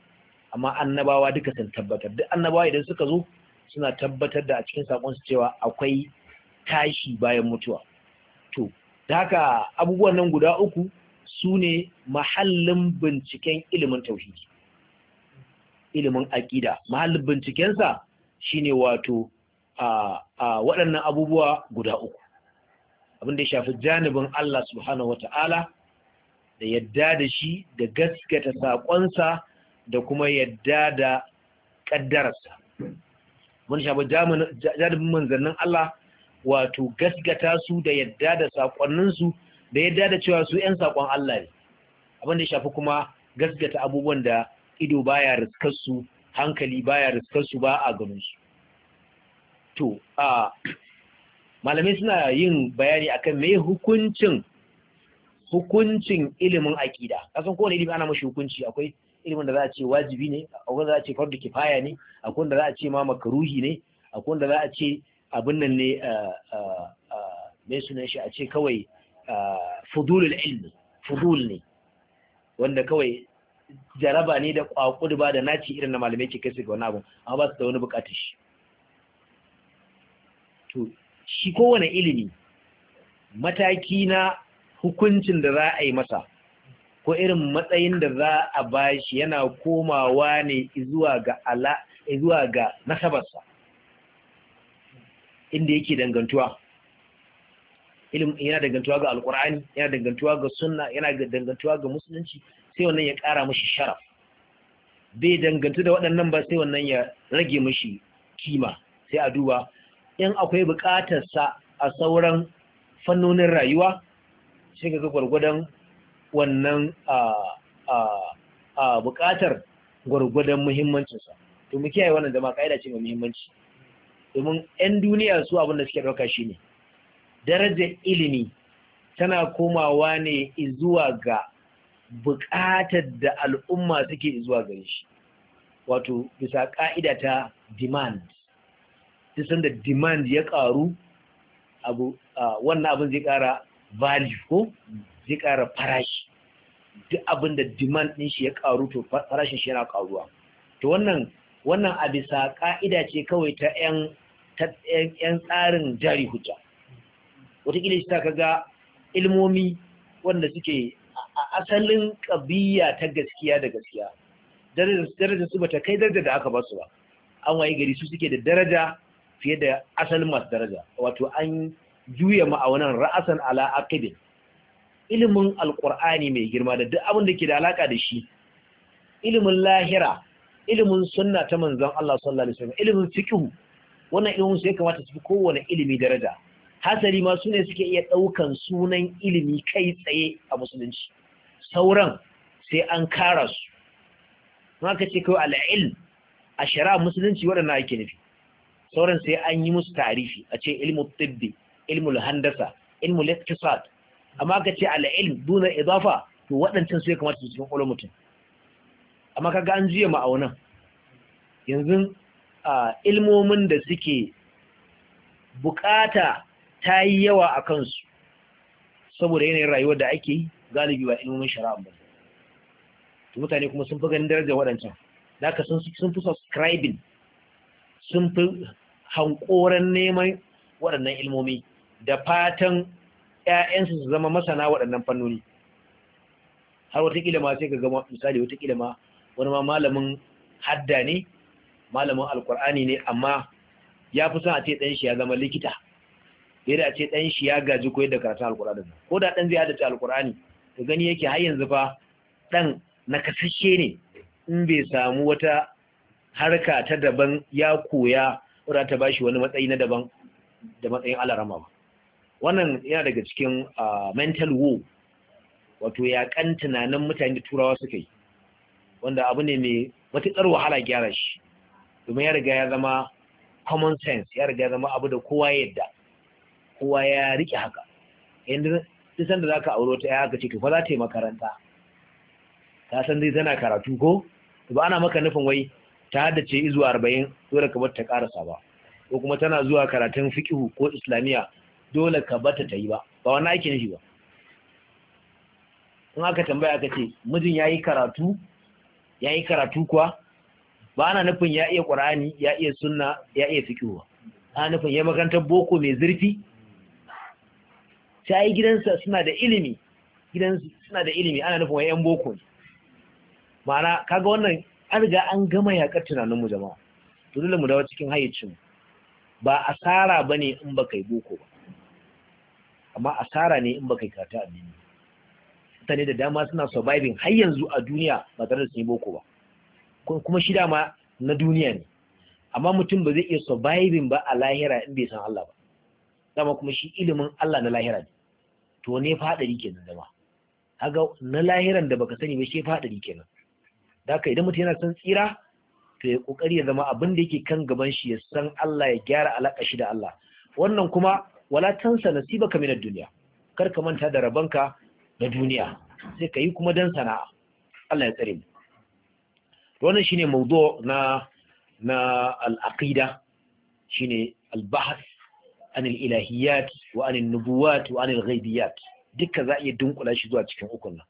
amma annabawa duka sun tabbatar duk annabawa idan suka zo suna tabbatar da a cikin sakon su cewa akwai tashi bayan mutuwa to da haka abubuwan nan guda uku su ne mahallin binciken ilimin tauhidi ilimin aƙida mahallin bincikensa shine wato a waɗannan abubuwa guda uku abin da ya shafi janibin Allah subhanahu ta'ala da yadda da shi da gaskata saƙonsa da kuma yadda da ƙaddararsa mun shafi janibin manzannin Allah wato gasgata su da yadda da sakonninsu da yadda da cewa su 'yan sakon Allah ne abin da shafi kuma gasgata abubuwan da ido baya riskar su hankali baya riskar su ba a ganinsu. to a malamai suna yin bayani akan mai hukuncin hukuncin ilimin aƙida kasan kowane ilimi ana mashi hukunci akwai ilimin da za a ce wajibi ne akwai da za a ce fardu kifaya ne akwai da za a ce ma makaruhi ne akwai da za a ce abin nan ne mai sunan shi a ce kawai fudulul ilmi fudul ne wanda kawai jaraba ne da kwakudu ba da naci irin na malamai ke kai su ga wani abu amma ba su da wani bukatar shi to shi kowane ilimi mataki na hukuncin da za a yi masa ko irin matsayin da za a bashi yana komawa ne zuwa ga ala zuwa ga nasabarsa inda yake dangantuwa ilimin yana dangantuwa ga alkur'ani yana dangantuwa ga sunna yana dangantuwa ga musulunci sai wannan ya kara mashi sharaf bai dangantu da waɗannan ba sai wannan ya rage mashi kima sai a duba in akwai buƙatarsa a sauran fannonin rayuwa sai ga gwargwadon wannan buƙatar gwargwadon muhimmancinsa to mu kiyaye wannan da ma ƙa'ida ce mai muhimmanci domin 'yan duniya su abin da suke ɗauka shine darajar ilimi tana komawa ne zuwa ga buƙatar da al'umma suke zuwa gare shi wato bisa ƙa'ida ta demand duk da demand ya ƙaru abu wannan abin zai ƙara value ko zai ƙara farashi duk abin da demand ɗin shi ya ƙaru to farashin shi yana ƙaruwa to wannan wannan a bisa ƙa'ida ce kawai ta 'yan ta yan tsarin jari hujja wataƙila shi ta kaga ilmomi wanda suke a asalin ƙabiya ta gaskiya da gaskiya daraja su bata kai daraja da aka ba su ba an waye gari su suke da daraja fiye da asalin masu daraja wato an juya ma'aunan ra'asan ala ilimin Alƙur'ani mai girma da duk abin da ke da alaka da shi ilimin lahira ilimin sunna ta manzon Allah sallallahu alaihi wasallam ilimin fiqh wannan ilimin su ya kamata su fi kowane ilimi daraja hasali ma su ne suke iya ɗaukan sunan ilimi kai tsaye a musulunci sauran sai an kara su ka ce kawai al'il a shari'a musulunci waɗanda ake nufi sauran sai an yi musu tarifi a ce ilmu tibbi ilmu handasa ilmu iktisad amma ka ce al'il duna idafa to waɗancan su ya kamata su cikin mutum. amma ka ga an juya ma'aunan yanzu A ilmomin da suke bukata ta yi yawa a kansu saboda yanayin rayuwar da ake galibi ba ilmomin shari'a ba mutane kuma sun fi ganin darajar waɗancan da aka sun fi subscribing sun fi hankoran neman waɗannan ilmomi da fatan 'ya'yansu su zama masana waɗannan fannoni har watakila ma sai ka gama misali watakila ma wani ma malamin hadda ne malamin alkur'ani ne amma ya fi son a ce ɗan shi ya zama likita yadda da a ce ɗan shi ya gaji ko yadda karatun alkur'ani ko da ɗan zai ce alkur'ani to gani yake har yanzu fa ɗan nakasashe ne in bai samu wata harka ta daban ya koya wadda ta bashi wani matsayi na daban da matsayin alarama ba wannan yana daga cikin mental war wato yaƙan tunanin mutane da turawa suka yi wanda abu ne mai matuƙar wahala gyara shi domin ya riga ya zama common sense ya riga ya zama abu da kowa ya yadda kowa ya rike haka yanzu duk sanda za ka auro ta ya haka ce to fa za ta yi makaranta ta san zai tana karatu ko to ba ana maka nufin wai ta haddace izuwa arba'in dole ka bata ta karasa ba ko kuma tana zuwa karatun fiqhu ko islamiyya dole ka bata ta yi ba ba wannan ake nufi ba in aka tambaya aka ce mijin yi karatu yayi karatu kuwa ba ana nufin ya iya ƙwarani ya iya sunna ya iya fikiwa ana nufin ya makarantar boko mai zurfi Ta yi gidansa suna da ilimi gidansu suna da ilimi ana nufin wayan boko ne ma'ana kaga wannan an riga an gama yaƙar tunaninmu jama'a to dole mu dawo cikin hayyacin ba asara ne in ba kai boko ba amma asara ne in baka yi karatu addini mutane da dama suna surviving har yanzu a duniya ba tare da sun yi boko ba kuma shi dama na duniya ne amma mutum ba zai iya surviving ba a lahira in bai san Allah ba dama kuma shi ilimin Allah na lahira ne to ne fadari kenan dama haga na lahiran da baka sani ba shi fadari kenan da haka idan mutum yana son tsira to ya kokari ya zama abin da yake kan gaban shi ya san Allah ya gyara alaka shi da Allah wannan kuma wala tansa ka min na dunya kar ka manta da rabanka na duniya sai ka yi kuma dan sana'a Allah ya tsare mu wannan shine mawdu na na al-aqida shine al-bahth an al-ilahiyat wa an an-nubuwat wa an al-ghaibiyat duka za a iya dunkula shi zuwa cikin ukun nan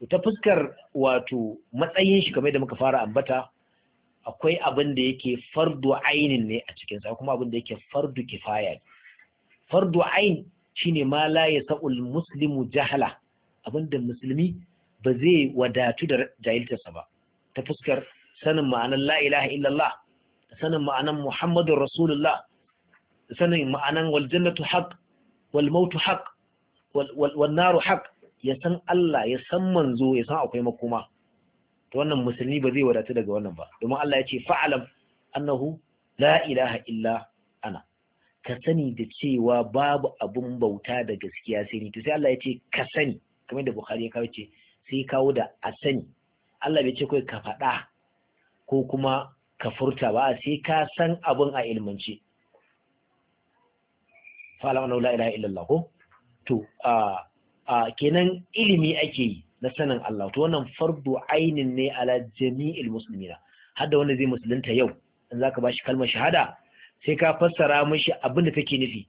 to ta fuskar wato matsayin shi kamar da muka fara ambata akwai abin da yake fardu ainin ne a cikin sa kuma abin da yake fardu kifaya fardu ain shine ma la yasul muslimu jahala abin da musulmi ba zai wadatu da jahiltarsa ba ta fuskar sanin ma'anar la'ilaha illallah sanin ma'anar muhammadun rasulullah sanin ma'anan waljannatu haq wal mautu haq wal haq ya san Allah ya san manzo ya san akwai makoma ta wannan musulmi ba zai wadatu daga wannan ba domin Allah ya ce fa'alam annahu la ilaha illa ana ka sani da cewa babu abun bauta da gaskiya sai ni to sai Allah ya ce ka sani kamar da Bukhari ya kawo ce sai kawo da a sani Allah bai ce kai ka faɗa ko kuma ka furta ba sai ka san abun a ilmance fa'alam wani la ilaha illallah to a kenan ilimi ake yi na sanin Allah to wannan fardu ainin ne ala jami'il muslimina har da wanda zai musulunta yau in za zaka bashi kalmar shahada sai ka fassara mashi abin da take nufi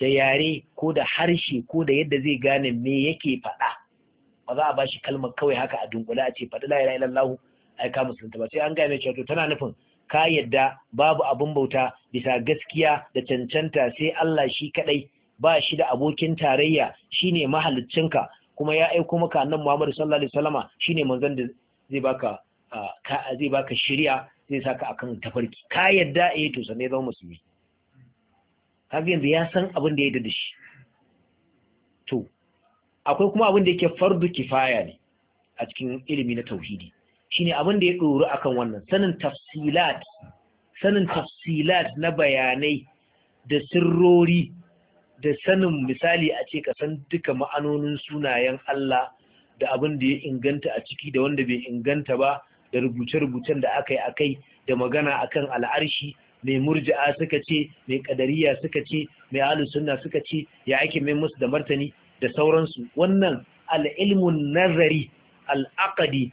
da yare ko da harshe ko da yadda zai gane me yake faɗa ba za a ba shi kalmar kawai haka a dunkule a ce faɗi la ilaha illallah ai ka musulunta ba sai an gane mai cewa to tana nufin ka yadda babu abin bauta bisa gaskiya da cancanta sai Allah shi kaɗai, ba shi da abokin tarayya shine mahaliccinka kuma ya aiko maka annabi Muhammad sallallahu alaihi wasallama shine manzon da zai baka zai baka shari'a zai saka akan tafarki ka yadda eh to sanai zama musulmi kaga yanzu ya san abin da ya yi da shi akwai kuma abin da yake fardu kifaya ne a cikin ilimi na tauhidi shine abin da ya ɗoru akan wannan sanin tafsilat sanin tafsilat na bayanai da sirrori da sanin misali a ce ka duka ma'anonin sunayen Allah da abin da ya inganta a ciki da wanda bai inganta ba da rubuce-rubucen da aka yi a kai da magana akan al'arshi mai murja'a suka ce mai kadariya suka ce mai alusunna sunna suka ce ya ake mai musu da martani da sauransu wannan al'ilmun nazari al'akadi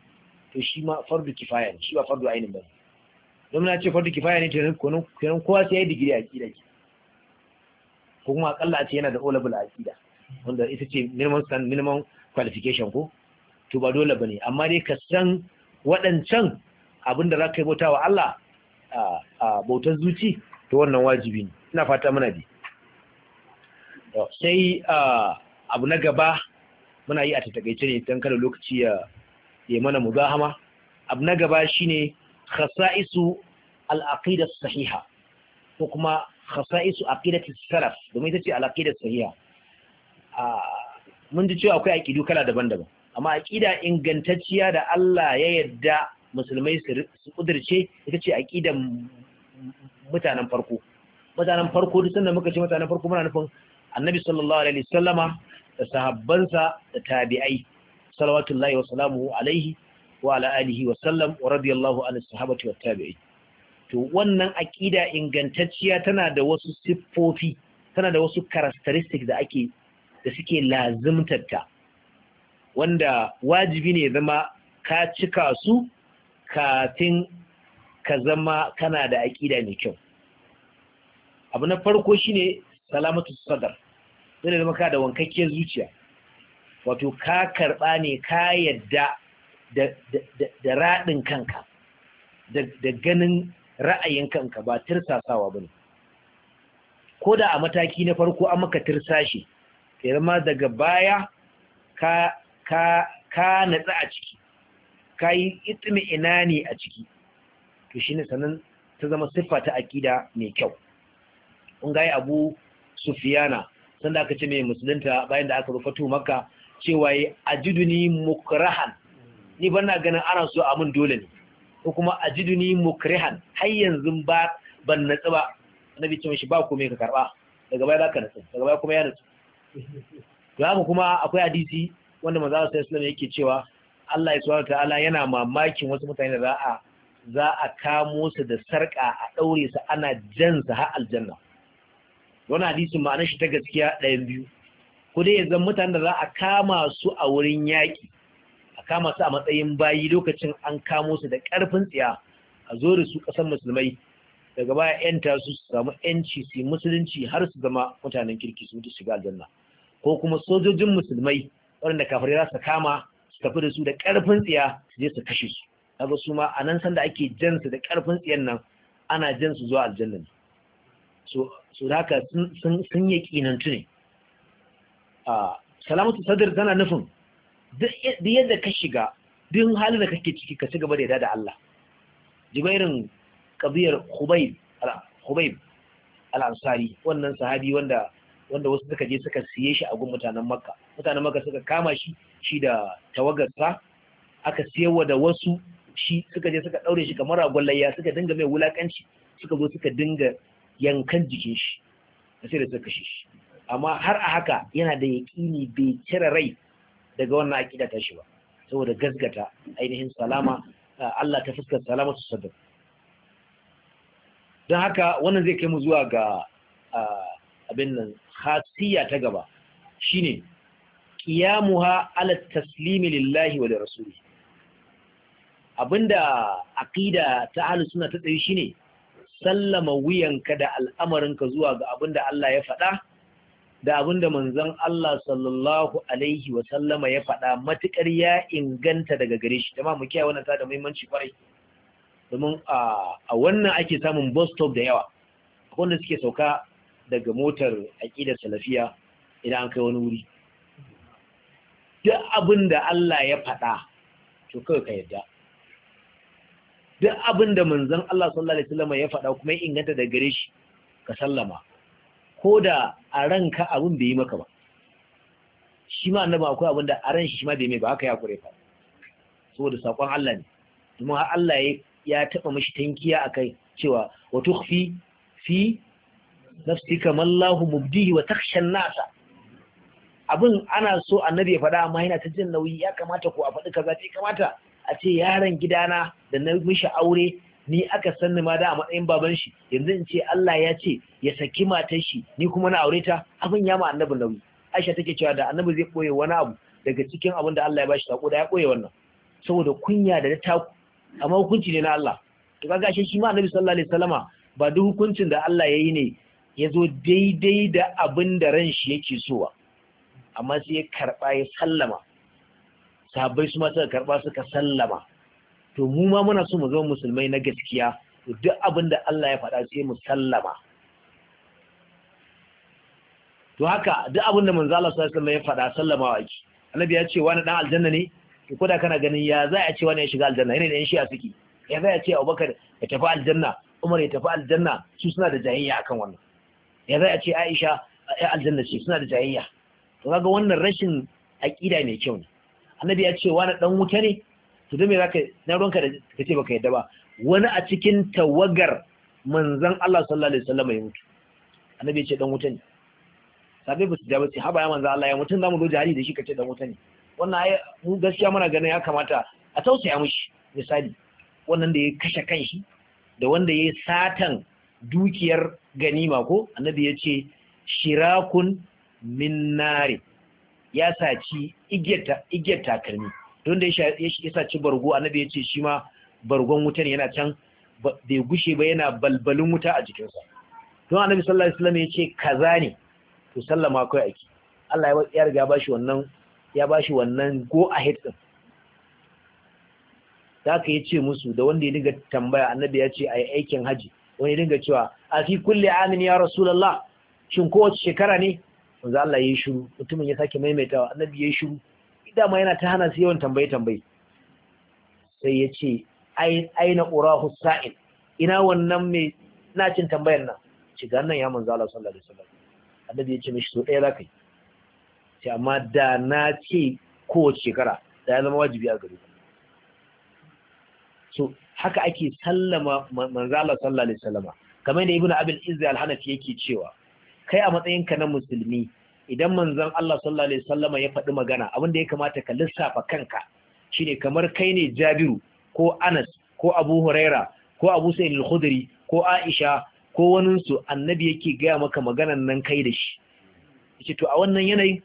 to shi ma fardu kifaya ne shi ba fardu ainihin ne. don na ce fardu kifaya ne tunan kenan kowa sai ya yi digiri a ƙida ke ko kuma akalla a ce yana da olabula a ƙida wanda ita ce minimum stand minimum qualification ko to ba dole ba ne amma dai ka san waɗancan abin da za ka yi bauta wa Allah a bautar zuci to wannan wajibi ne ina fata muna bi sai abu na gaba muna yi a tattakaice ne don kada lokaci ya yi mana muzahama abu na gaba shine khasa'isu al sahiha ko kuma khasa'isu aqidati salaf domin ita ce al sahiha mun ji cewa akwai aqidu kala daban-daban amma aqida ingantacciya da Allah ya yarda musulmai su kudirce ita ce aqidan mutanen farko mutanen farko duk sanda muka ce mutanen farko muna nufin annabi sallallahu alaihi wasallama da sahabbansa da tabi'ai salawatullahi wa salamuhu alaihi wa ala alihi wa sallam wa radiyallahu anhu sahabati wa tabi'ai to wannan aqida ingantacciya tana da wasu siffofi tana da wasu characteristics da ake da suke lazimtarta wanda wajibi ne zama ka cika su kafin ka zama kana da aƙida mai kyau abu na farko shine salamatu sadar da zama ka da wankakkiyar zuciya wato ka karɓa ne ka yadda da raɗin kanka da ganin ra'ayin kanka ba tirsasawa ba ne ko da a mataki na farko an maka tirsashe ma daga baya ka ka ka natsa a ciki ka yi itmi ina ne a ciki to shine sanan ta zama siffa ta akida mai kyau kun ga abu sufiyana sanda aka ce mai musulunta bayan da aka rufatu makka cewa yi jiduni mukrahan ni ban na ganin ana so a dole ne ko kuma jiduni mukrihan har yanzu ba ban natsu ba bi cewa shi ba komai ka karba daga baya zaka natsu daga baya kuma ya natsu to haka kuma akwai hadisi wanda manzo sallallahu alaihi wasallam yake cewa Allah subhanahu ta'ala yana mamakin wasu mutane da za a za a kamo su da sarka a daure su ana jan su har aljanna wani hadisin ma'anar shi ta gaskiya ɗayan biyu ko dai yanzu mutanen da za a kama su a wurin yaƙi a kama su a matsayin bayi lokacin an kamo su da ƙarfin tsiya a zo da su ƙasar musulmai daga baya yanta su su samu yanci su musulunci har su zama mutanen kirki su shiga aljanna ko kuma sojojin musulmai waɗanda kafirai za su kama su tafi da su da ƙarfin tsiya su je su kashe su kaga su ma a nan sanda ake jan su da ƙarfin tsiyan nan ana jan su zuwa aljanna su haka sun yi ƙinantu ne salamatu sadar tana nufin duk yadda ka shiga duk halin da kake ciki ka ci gaba da yada da Allah jibairin kabiyar hubaib al'ansari wannan sahabi wanda wanda wasu suka je suka siye shi a gun mutanen makka mutanen makka suka kama shi shi da tawagarsa aka siyarwa da wasu shi suka je suka daure shi kamar a layya suka dinga mai wulakanci suka zo suka dinga yankan jikin shi da sai da suka kashe shi amma har a haka yana da yaƙini bai cire rai daga wannan aƙida ta shi ba saboda gasgata ainihin salama Allah ta fuskar salama su sadar don haka wannan zai kai mu zuwa ga abin nan hasiya ta gaba shine qiyamuha ala taslimi lillahi wa rasuli abinda aƙida ta ahlus sunna ta tsayi shine sallama wuyanka da al'amarinka zuwa ga abin da Allah ya faɗa da abin da manzon Allah sallallahu alaihi wa ya faɗa matukar ya inganta daga gare shi jama'a mu kiyaye wannan ta da muhimmanci kwarai domin a wannan ake samun bus stop da yawa wanda suke sauka daga motar aqidar salafiya idan an kai wani wuri duk abin da Allah ya faɗa to kawai ka yadda duk abin da manzon Allah sallallahu alaihi wasallam ya faɗa kuma inganta da gare shi ka sallama ko da a ranka abin bai yi maka ba shi ma annabi akwai abin da a ran shi ma bai mai ba haka ya kure fa saboda sakon Allah ne kuma har Allah ya taba mishi tankiya akai cewa wa tukhfi fi nafsika ma Allahu mubdihi wa takhsha nasa abin ana so annabi ya faɗa amma yana ta jin nauyi ya kamata ko a faɗi kaza ta kamata a ce yaron gidana da na mishi aure ni aka sanni ma da a matsayin baban shi yanzu in ce Allah ya ce ya saki matar shi ni kuma na aure ta abin ya ma annabi nauyi Aisha take cewa da annabi zai koye wani abu daga cikin abin da Allah ya bashi sako da ya koye wannan saboda kunya da ta amma hukunci ne na Allah to kaga shi ma annabi sallallahu alaihi wasallama ba duk hukuncin da Allah ya yi ne ya zo daidai da abin da ran shi yake so ba amma sai ya karba ya sallama Sabai su ma karɓa suka sallama to mu ma muna so mu zama musulmai na gaskiya to duk abin da Allah ya faɗa sai mu sallama to haka duk abin da manzo Allah sallallahu alaihi ya faɗa wa yake annabi ya ce wani dan aljanna ne to koda kana ganin ya za a ce wani ya shiga aljanna yana da yan shi'a suke ya za a ce Abubakar ya tafi aljanna Umar ya tafi aljanna su suna da a akan wannan ya za a ce Aisha ya aljanna ce suna da jahiyya to kaga wannan rashin aqida ne kyau ne annabi ya ce wani dan wuta ne to dan me zaka na ruwanka da kace baka yadda ba wani a cikin tawagar manzon Allah sallallahu alaihi wasallam ya mutu annabi ya ce dan wuta ne sabai ba su ja ba ce haba ya manzon Allah ya mutun zamu zo jari da shi kace dan wuta ne wannan ai mu gaskiya muna ganin ya kamata a tausaya mishi misali wannan da ya kashe kanshi da wanda ya satan dukiyar ganima ko annabi ya ce shirakun min nari ya saci igiyar takalmi don da ya saci bargo annabi ya ce shi ma bargon wutan yana can bai gushe ba yana balbalin wuta a jikinsa don annabi sallallahu alaihi wasallam ya ce kaza ne to sallama kai aiki Allah ya riga bashi wannan ya bashi wannan go ahead din aka yi ce musu da wanda ya dinga tambaya annabi ya ce a yi aikin haji wani dinga cewa a fi kulle amin ya rasulallah shin kowace shekara ne manzo Allah yayi shiru mutumin ya sake maimaitawa annabi yayi shiru dama yana ta hana su yawan tambaye tambaye sai ya ce aina urahu sa'il ina wannan mai nacin tambayar nan shiga nan ya manzo Allah sallallahu alaihi wasallam annabi ya ce mishi so ɗaya zakai ce amma da na ce kowace shekara da ya zama wajibi a gare so haka ake sallama manzo Allah sallallahu alaihi wasallam kamar da ibnu abil izzi al-hanafi yake cewa kai a matsayinka na musulmi idan manzon Allah sallallahu alaihi wasallama ya faɗi magana abin da ya kamata ka lissafa kanka shine kamar kai ne Jabiru ko Anas ko Abu Huraira ko Abu Sa'id al-Khudri ko Aisha ko waninsu annabi yake gaya maka maganan nan kai da shi yace to a wannan yanayi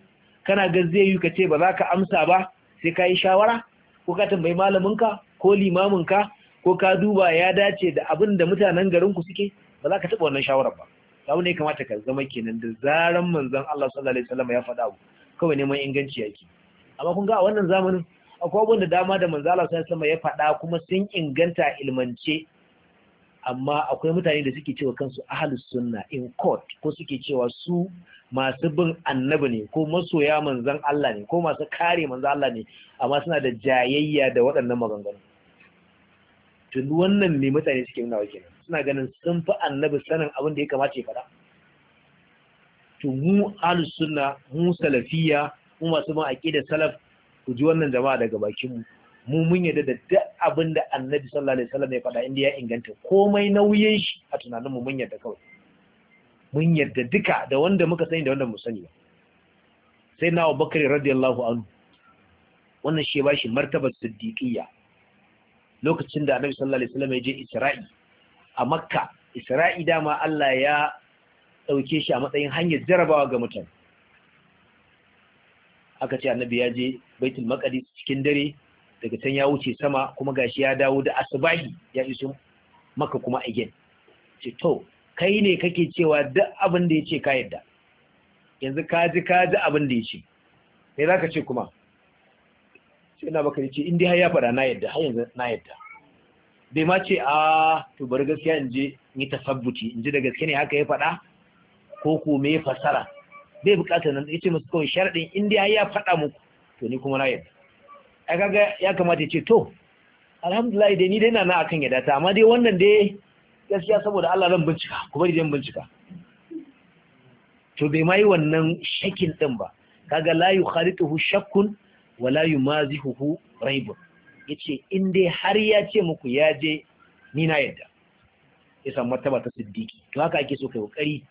kana ga zai yi ka ce ba za ka amsa ba sai ka yi shawara ko ka tambayi ka ko limamin ka ko ka duba ya dace da abin da mutanen garinku suke ba za ka taɓa wannan shawarar ba abu ne kamata ka zama kenan da zaran manzon Allah sallallahu alaihi wasallam ya faɗa abu kawai neman inganci yake amma kun ga a wannan zamanin akwai abun da dama da manzon Allah sallallahu alaihi wasallam ya faɗa kuma sun inganta ilmance amma akwai mutane da suke cewa kansu ahlus sunna in court ko suke cewa su masu bin annabi ne ko masoya manzon Allah ne ko masu kare manzon Allah ne amma suna da jayayya da waɗannan maganganu to wannan ne mutane suke nuna wa kenan suna ganin sun fi annabi sanin abin da ya kamata ya faɗa to mu ahlus sunna mu salafiyya mu masu bin aqidar salaf ku ji wannan jama'a daga bakin mu mu mun yarda da duk abin da annabi sallallahu alaihi wasallam ya faɗa inda ya inganta komai nauyin shi a tunanin mu mun yadda kawai mun yadda duka da wanda muka sani da wanda mu sani ba sai na Abubakar radiyallahu anhu wannan shi ya bashi martabar siddiqiyya lokacin da annabi sallallahu alaihi wasallam ya je Isra'i a makka isra'i dama Allah ya ɗauke shi a matsayin hanyar jarabawa ga mutane aka ce annabi ya je baitul maqdis cikin dare daga can ya wuce sama kuma gashi ya dawo da asbahi ya iso Makka kuma again ce to kai ne kake cewa duk abin da yace ka yadda yanzu ka ji ka ji abin da yace me zaka ce kuma sai na baka ce in dai har ya fara na yadda har yanzu na yadda bai ma ce a ah, to bari gaskiya in je in yi tasabbuci in ji da gaske ne haka ya faɗa ko ku me fasara bai buƙatar nan ya ce masu kawai sharaɗin indiya ya faɗa muku to ni kuma na yadda a kaga ya kamata ya ce to alhamdulillah dai ni dai na na akan yadda ta amma dai wannan dai gaskiya saboda Allah zan bincika ku bari zan bincika to bai ma yi wannan shakin din ba kaga la yukhariquhu shakkun wa la yumazihuhu raibun yace in dai har ya ce muku ya je nina yadda ya samu martaba ta Siddiki to haka ake so kai kokari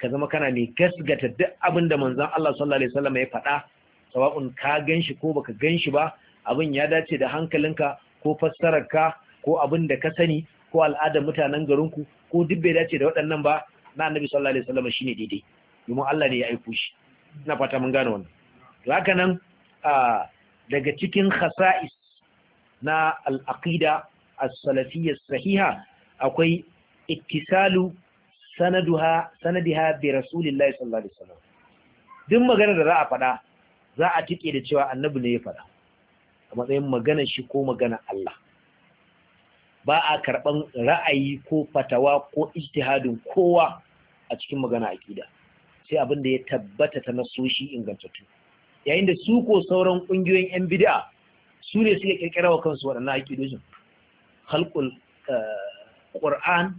ka zama kana mai gasgata duk abin da manzon Allah sallallahu alaihi wasallam ya faɗa sawa'un ka ganshi ko baka ganshi ba abin ya dace da hankalinka ko fassararka ko abin da ka sani ko al'adar mutanen garinku ko duk bai dace da waɗannan ba na annabi sallallahu alaihi wasallam shine daidai domin Allah ne ya aiko shi ina fata mun gane wannan to haka nan ah, daga cikin khasa'is na al a salafiyar salafiyya sahiha akwai ittisalu sanadi sanadiha bi rasulillahi sallallahu alaihi wasallam duk magana da za a faɗa za a tike da cewa annabi ne ya faɗa a matsayin magana shi ko magana Allah ba a karɓan ra'ayi ko fatawa ko ijtihadin kowa a cikin magana aƙida sai abin da ya tabbata ta nasoshi ingantattu yayin da su ko sauran ƙungiyoyin 'yan bid'a su ne suka kirkira wa kansu waɗannan aƙidojin halkul ƙur'an eh,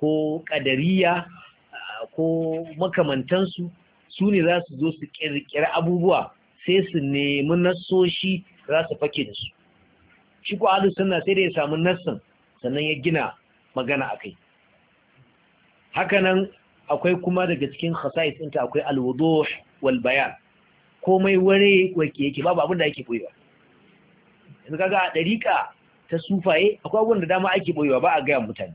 ko ƙadariya eh, ko makamantansu su ne za su zo su ƙirƙira abubuwa sai su nemi nassoshi za su fake da su shi ko alu sunna sai da ya samu nassan sannan ya gina magana a akai hakanan akwai kuma daga cikin khasa'is ɗinta akwai alwuduh wal bayan komai ware yake babu abin da yake koyewa yanzu kaga a ɗariƙa ta sufaye akwai abubuwan da dama ake ɓoyewa ba a gaya mutane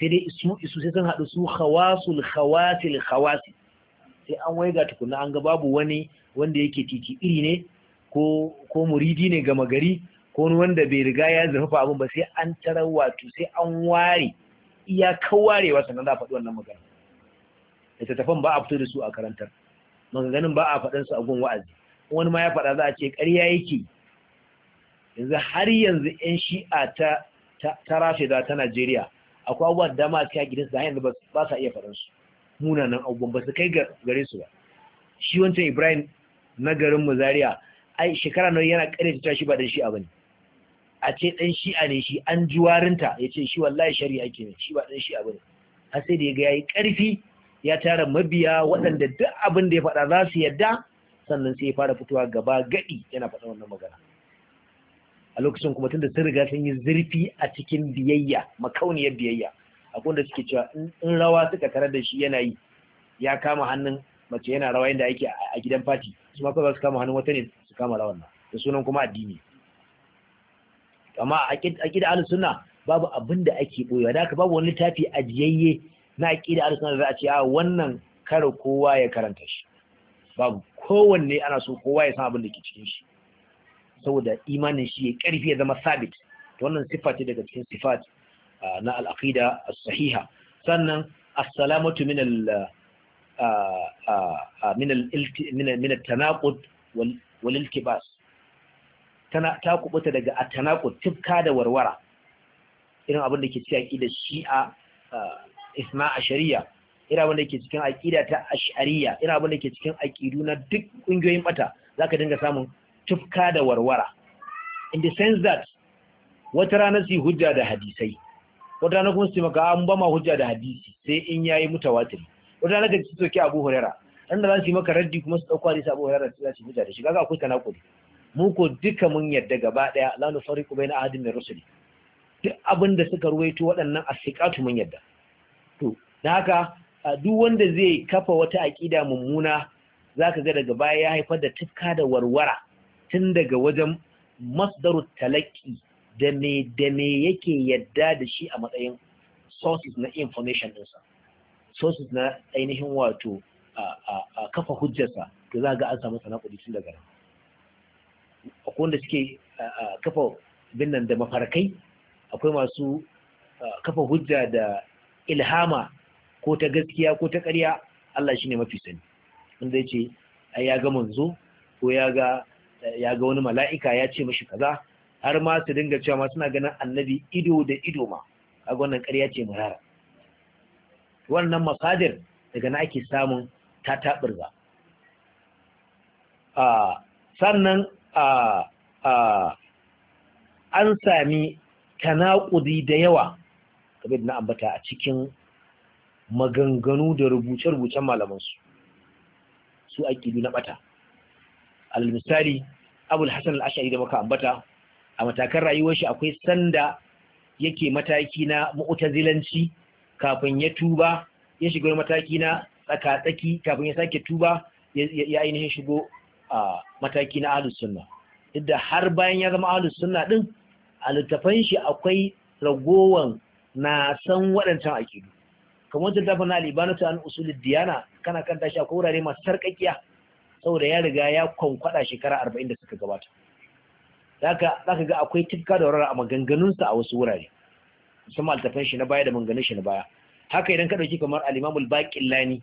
sai dai isu isu sai sun haɗu su hawasul hawasil hawasi sai an waiga tukuna an ga babu wani wanda yake titi iri ne ko ko muridi ne gama gari ko wani wanda bai riga ya zurfafa abin ba sai an tarar wato sai an ware iyakar warewa sannan za a faɗi wannan magana littattafan ba a fito da su a karantar maganganun ba a faɗansu a gun wa'azi wani ma ya faɗa za a ce ƙarya yake yanzu har yanzu yan shi'a ta ta rafida ta Najeriya akwai abubuwa da dama a gidan gidansu da yanzu ba sa iya faɗansu su munanan abubuwan ba su kai gare su ba shi wancan Ibrahim na garin Muzariya ai shekara nawa yana kare ta shi ba dan shi'a bane a ce dan shi'a ne shi an juwarinta yace shi wallahi shari'a ke ne shi ba dan shi'a bane har sai da ya ga yayi karfi ya tara mabiya waɗanda duk abin da ya faɗa za su yadda sannan sai ya fara fitowa gaba gadi yana faɗa wannan magana a lokacin kuma tunda sun riga sun yi zurfi a cikin biyayya makauniyar biyayya akwai da suke cewa in rawa suka tarar da shi yana yi ya kama hannun mace yana rawa yadda ake a gidan fati su ma kawai su kama hannun wata ne su kama rawan nan da sunan kuma addini amma a kida ahlus sunna babu abin da ake boyewa da haka babu wani littafi ajiyayye na aqida ahlus sunna za a ce a ah, wannan kar kowa ya karanta shi babu kowanne ana so kowa ya san abin da ke cikin shi saboda imanin shi ya karfi ya zama sabit to wannan sifa ce daga cikin sifat na al-aqida as-sahiha sannan as-salamatu min al min al-min al-tanaqud wal iltibas tana ta kubuta daga at-tanaqud tifka da warwara irin abin da ke cikin aqida shi'a isma ashariya irin abin da ke cikin aqida ta ash'ariya irin abin da ke cikin aqidu na duk kungiyoyin bata zaka dinga samun tufka da warwara in the sense that wata rana su hujja da hadisai wata rana kuma su maka an ah, bama hujja da hadisi sai in yayi mutawatir wata rana da su a Abu Huraira dan da za su yi maka raddi kuma su dauko hadisi Abu Huraira su za su hujja da shi kaga akwai tanakuli mu ko duka mun yadda gaba ɗaya daya sauri nufariqu baina ahadin min rusuli duk abin da suka ruwaito waɗannan a ƙatu mun yadda to da haka duk wanda zai kafa wata aƙida mummuna za ka ga daga baya ya haifar da tufka da warwara tun daga wajen masdaru talaki da me da me yake yadda da shi a matsayin sources na information ɗinsa sources na ainihin wato a kafa hujjarsa to za ga an samu sana'o'i tun daga nan akwai wanda suke kafa binnan da mafarkai akwai masu kafa hujja da ilhama ko ta gaskiya ko ta ƙarya Allah shi ne mafi sani inda ya ce ya ga manzo ko ya ga ya ga wani mala'ika ya ce mashi kaza har ma su dinga cewa ma suna ganin annabi ido da ido ma kaga wannan ƙarya ce murara wannan masadir daga na ake samun ta taɓirga sannan an sami tanaƙudi da yawa kamar na ambata a cikin maganganu da rubuce-rubucen malamansu su aƙidu na ɓata al-misali abul hasan al-ash'ari da muka ambata a matakan rayuwar shi akwai sanda yake mataki na mu'tazilanci kafin ya tuba ya shiga mataki na tsaka kafin ya sake tuba ya ainihin shigo a mataki na ahlus sunna duk da har bayan ya zama ahlus sunna din a littafan shi akwai ragowan na san waɗancan akidu kamar littafin na alibanatu an usulid diyana kana kan tashi akwai wurare masu sarƙaƙiya saboda ya riga ya kwankwada shekara arba'in da suka gabata zaka ka ga akwai tikka da warara a maganganunsa a wasu wurare musamman altafan shi na baya da maganganun shi na baya haka idan ka ɗauki kamar al'imamul imamul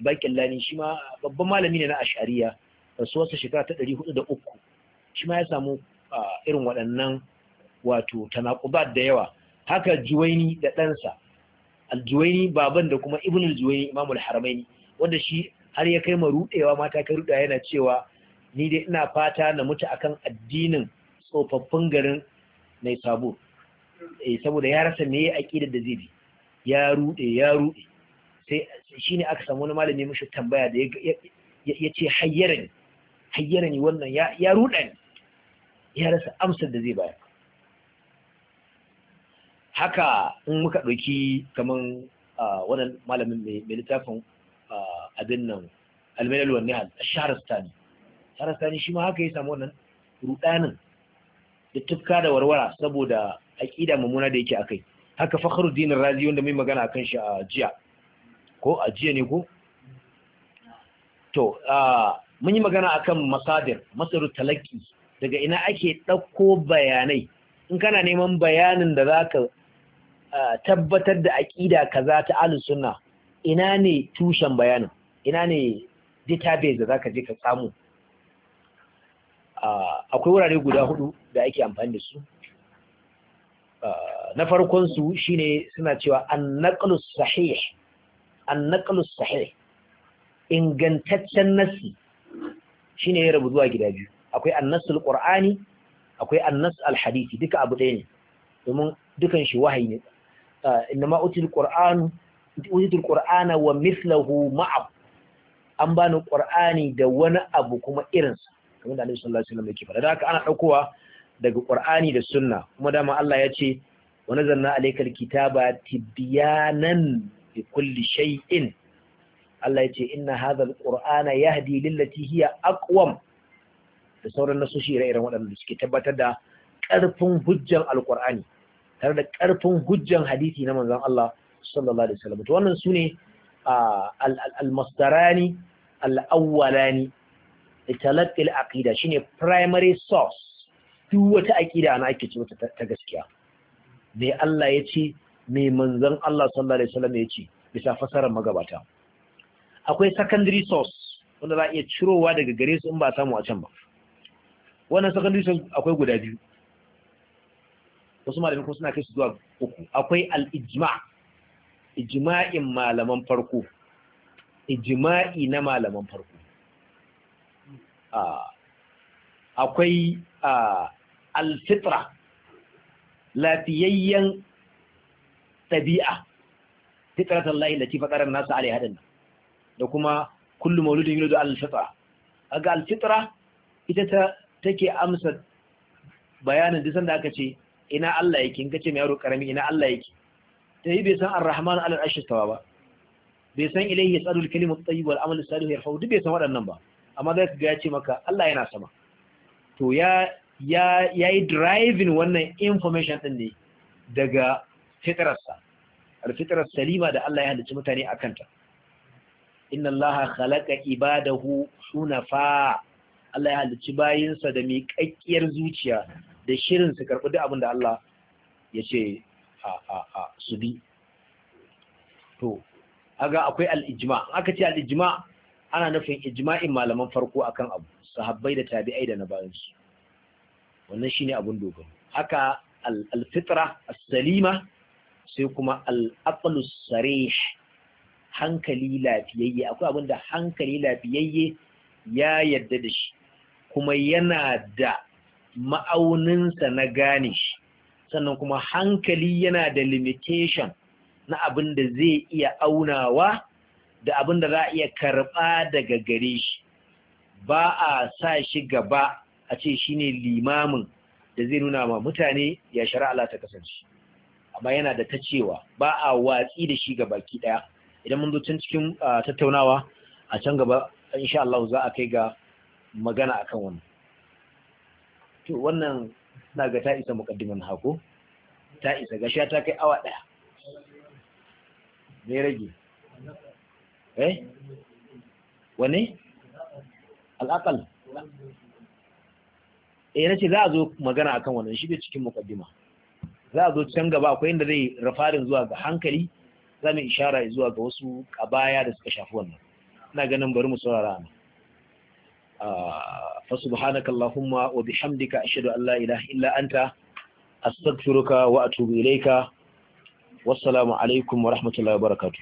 baqillani shi ma babban malami ne na ash'ariya rasuwarsa shekara ta ɗari uku shi ma ya samu irin waɗannan wato tanaƙubat da yawa haka juwaini da ɗansa aljuwaini baban da kuma ibnul juwaini imamul haramaini wanda shi har ya kai maruɗewa mata kai ruɗa yana cewa ni dai ina fata na mutu akan addinin tsofaffin garin mai sabo eh, saboda ya rasa me ya da zai bi ya ruɗe ya ruɗe sai shine aka samu wani malami mishi tambaya da ya ce hayyara ni hayyara ni wannan ya ruɗa ni ya rasa amsar da zai bayar haka in muka ɗauki kaman ah, wannan malamin mai littafin ah, abin nan alminal wa nihal shahrastani shahrastani shi ma haka ya samu wannan rudanin da tufka da warwara saboda aqida mamuna da yake kai. haka fakhruddin razi wanda mai magana akan shi a jiya ko a jiya ne ko to mun yi magana a kan masadir masaru talaki daga ina ake ɗauko bayanai in kana neman bayanin da za ka tabbatar da aƙida kaza ta alisunna ina ne tushen bayanin ina ne database da ka je ka samu akwai wurare guda hudu da ake amfani da su na farkon su shine suna cewa an sahih sahih ingantaccen nasi shine ya rabu zuwa gida biyu akwai annasul qur'ani akwai annas al-hadisi duka abu ɗaya ne domin dukan shi wahayi ne inna ma util wa mithluhu ma'a an bani qur'ani da wani abu kuma irinsa kamar da Annabi sallallahu alaihi wasallam yake faɗa da haka ana ɗaukowa daga qur'ani da sunna kuma dama Allah ya ce wa nazarna alaykal kitaba tibyanan bi kulli shay'in Allah ya ce inna hadha qur'ana yahdi lillati hiya aqwam da sauran nasoshi ire-iren waɗanda suke tabbatar da ƙarfin hujjan alqur'ani tare da ƙarfin hujjan hadisi na manzon Allah sallallahu alaihi wasallam to wannan sune al-masdarani al-awwalani litalaqi al-aqida shine primary source duk wata aqida na ake ce ta gaskiya me Allah ya ce me manzon Allah sallallahu alaihi wasallam ya ce bisa fasarar magabata akwai secondary source wanda za a iya cirowa daga gare su in ba samu a can ba wannan secondary source akwai guda biyu wasu malamin kuma suna kai su zuwa uku akwai al-ijma' ijma'in malaman farko ijma'i na malaman farko akwai alfitra lafiyayyen ɗabi'a fitratan layi da tifa ƙarar nasu alai da kuma kullum mauludin yi da alfitra a ga alfitra ita ta take amsa bayanin disan da aka ce ina Allah yake in kace mai yaro karami ina Allah yake ta bai san ar-rahman al arshi tawa ba bai san ilayhi al kalimu tayyib wal amalu salih yarfa'u duk bai san waɗannan ba amma zai ka ga ya ce maka Allah yana sama to ya ya yayi driving wannan information din ne daga fitrarsa al-fitrar salima da Allah ya halicci mutane akan ta inna Allah khalaqa ibadahu fa. Allah ya halicci bayinsa da miƙaƙƙiyar zuciya da shirin su karɓi duk abin da Allah ya ce su bi to aga akwai al'ijima. aka ce al'ijima ana nufin ijma'in malaman farko akan abu sahabbai da tabi'ai da na bayansu. Wannan wannan shine abun dogon. haka al-fitra salima sai kuma al-aqlu hankali lafiyayye akwai abin da hankali lafiyayye ya yarda da shi kuma yana da ma'auninsa na gane shi sannan kuma hankali yana da limitation na abin da zai iya aunawa da abin da za a iya karɓa daga gare shi ba a sa shi gaba a ce shi ne limamin da zai nuna ma mutane ya shari'a Allah ta kasance amma yana da ta cewa ba a watsi da shi ga baki ɗaya idan mun zo can cikin tattaunawa a can gaba insha Allah za a kai ga magana akan wannan to wannan na ga ta isa mukaddimin hako ta isa gashi ta kai awa daya me rage eh wane al'akal eh na ce za a zo magana akan wannan shi bai cikin mukaddima za a zo can gaba akwai inda zai rafarin zuwa ga hankali za mu zuwa ga wasu kabaya da suka shafi wannan ina ganin bari mu saurara ana fa subhanaka allahumma wa bihamdika ashhadu an la ilaha illa anta astaghfiruka wa atubu ilayka wassalamu alaikum wa rahmatullahi wa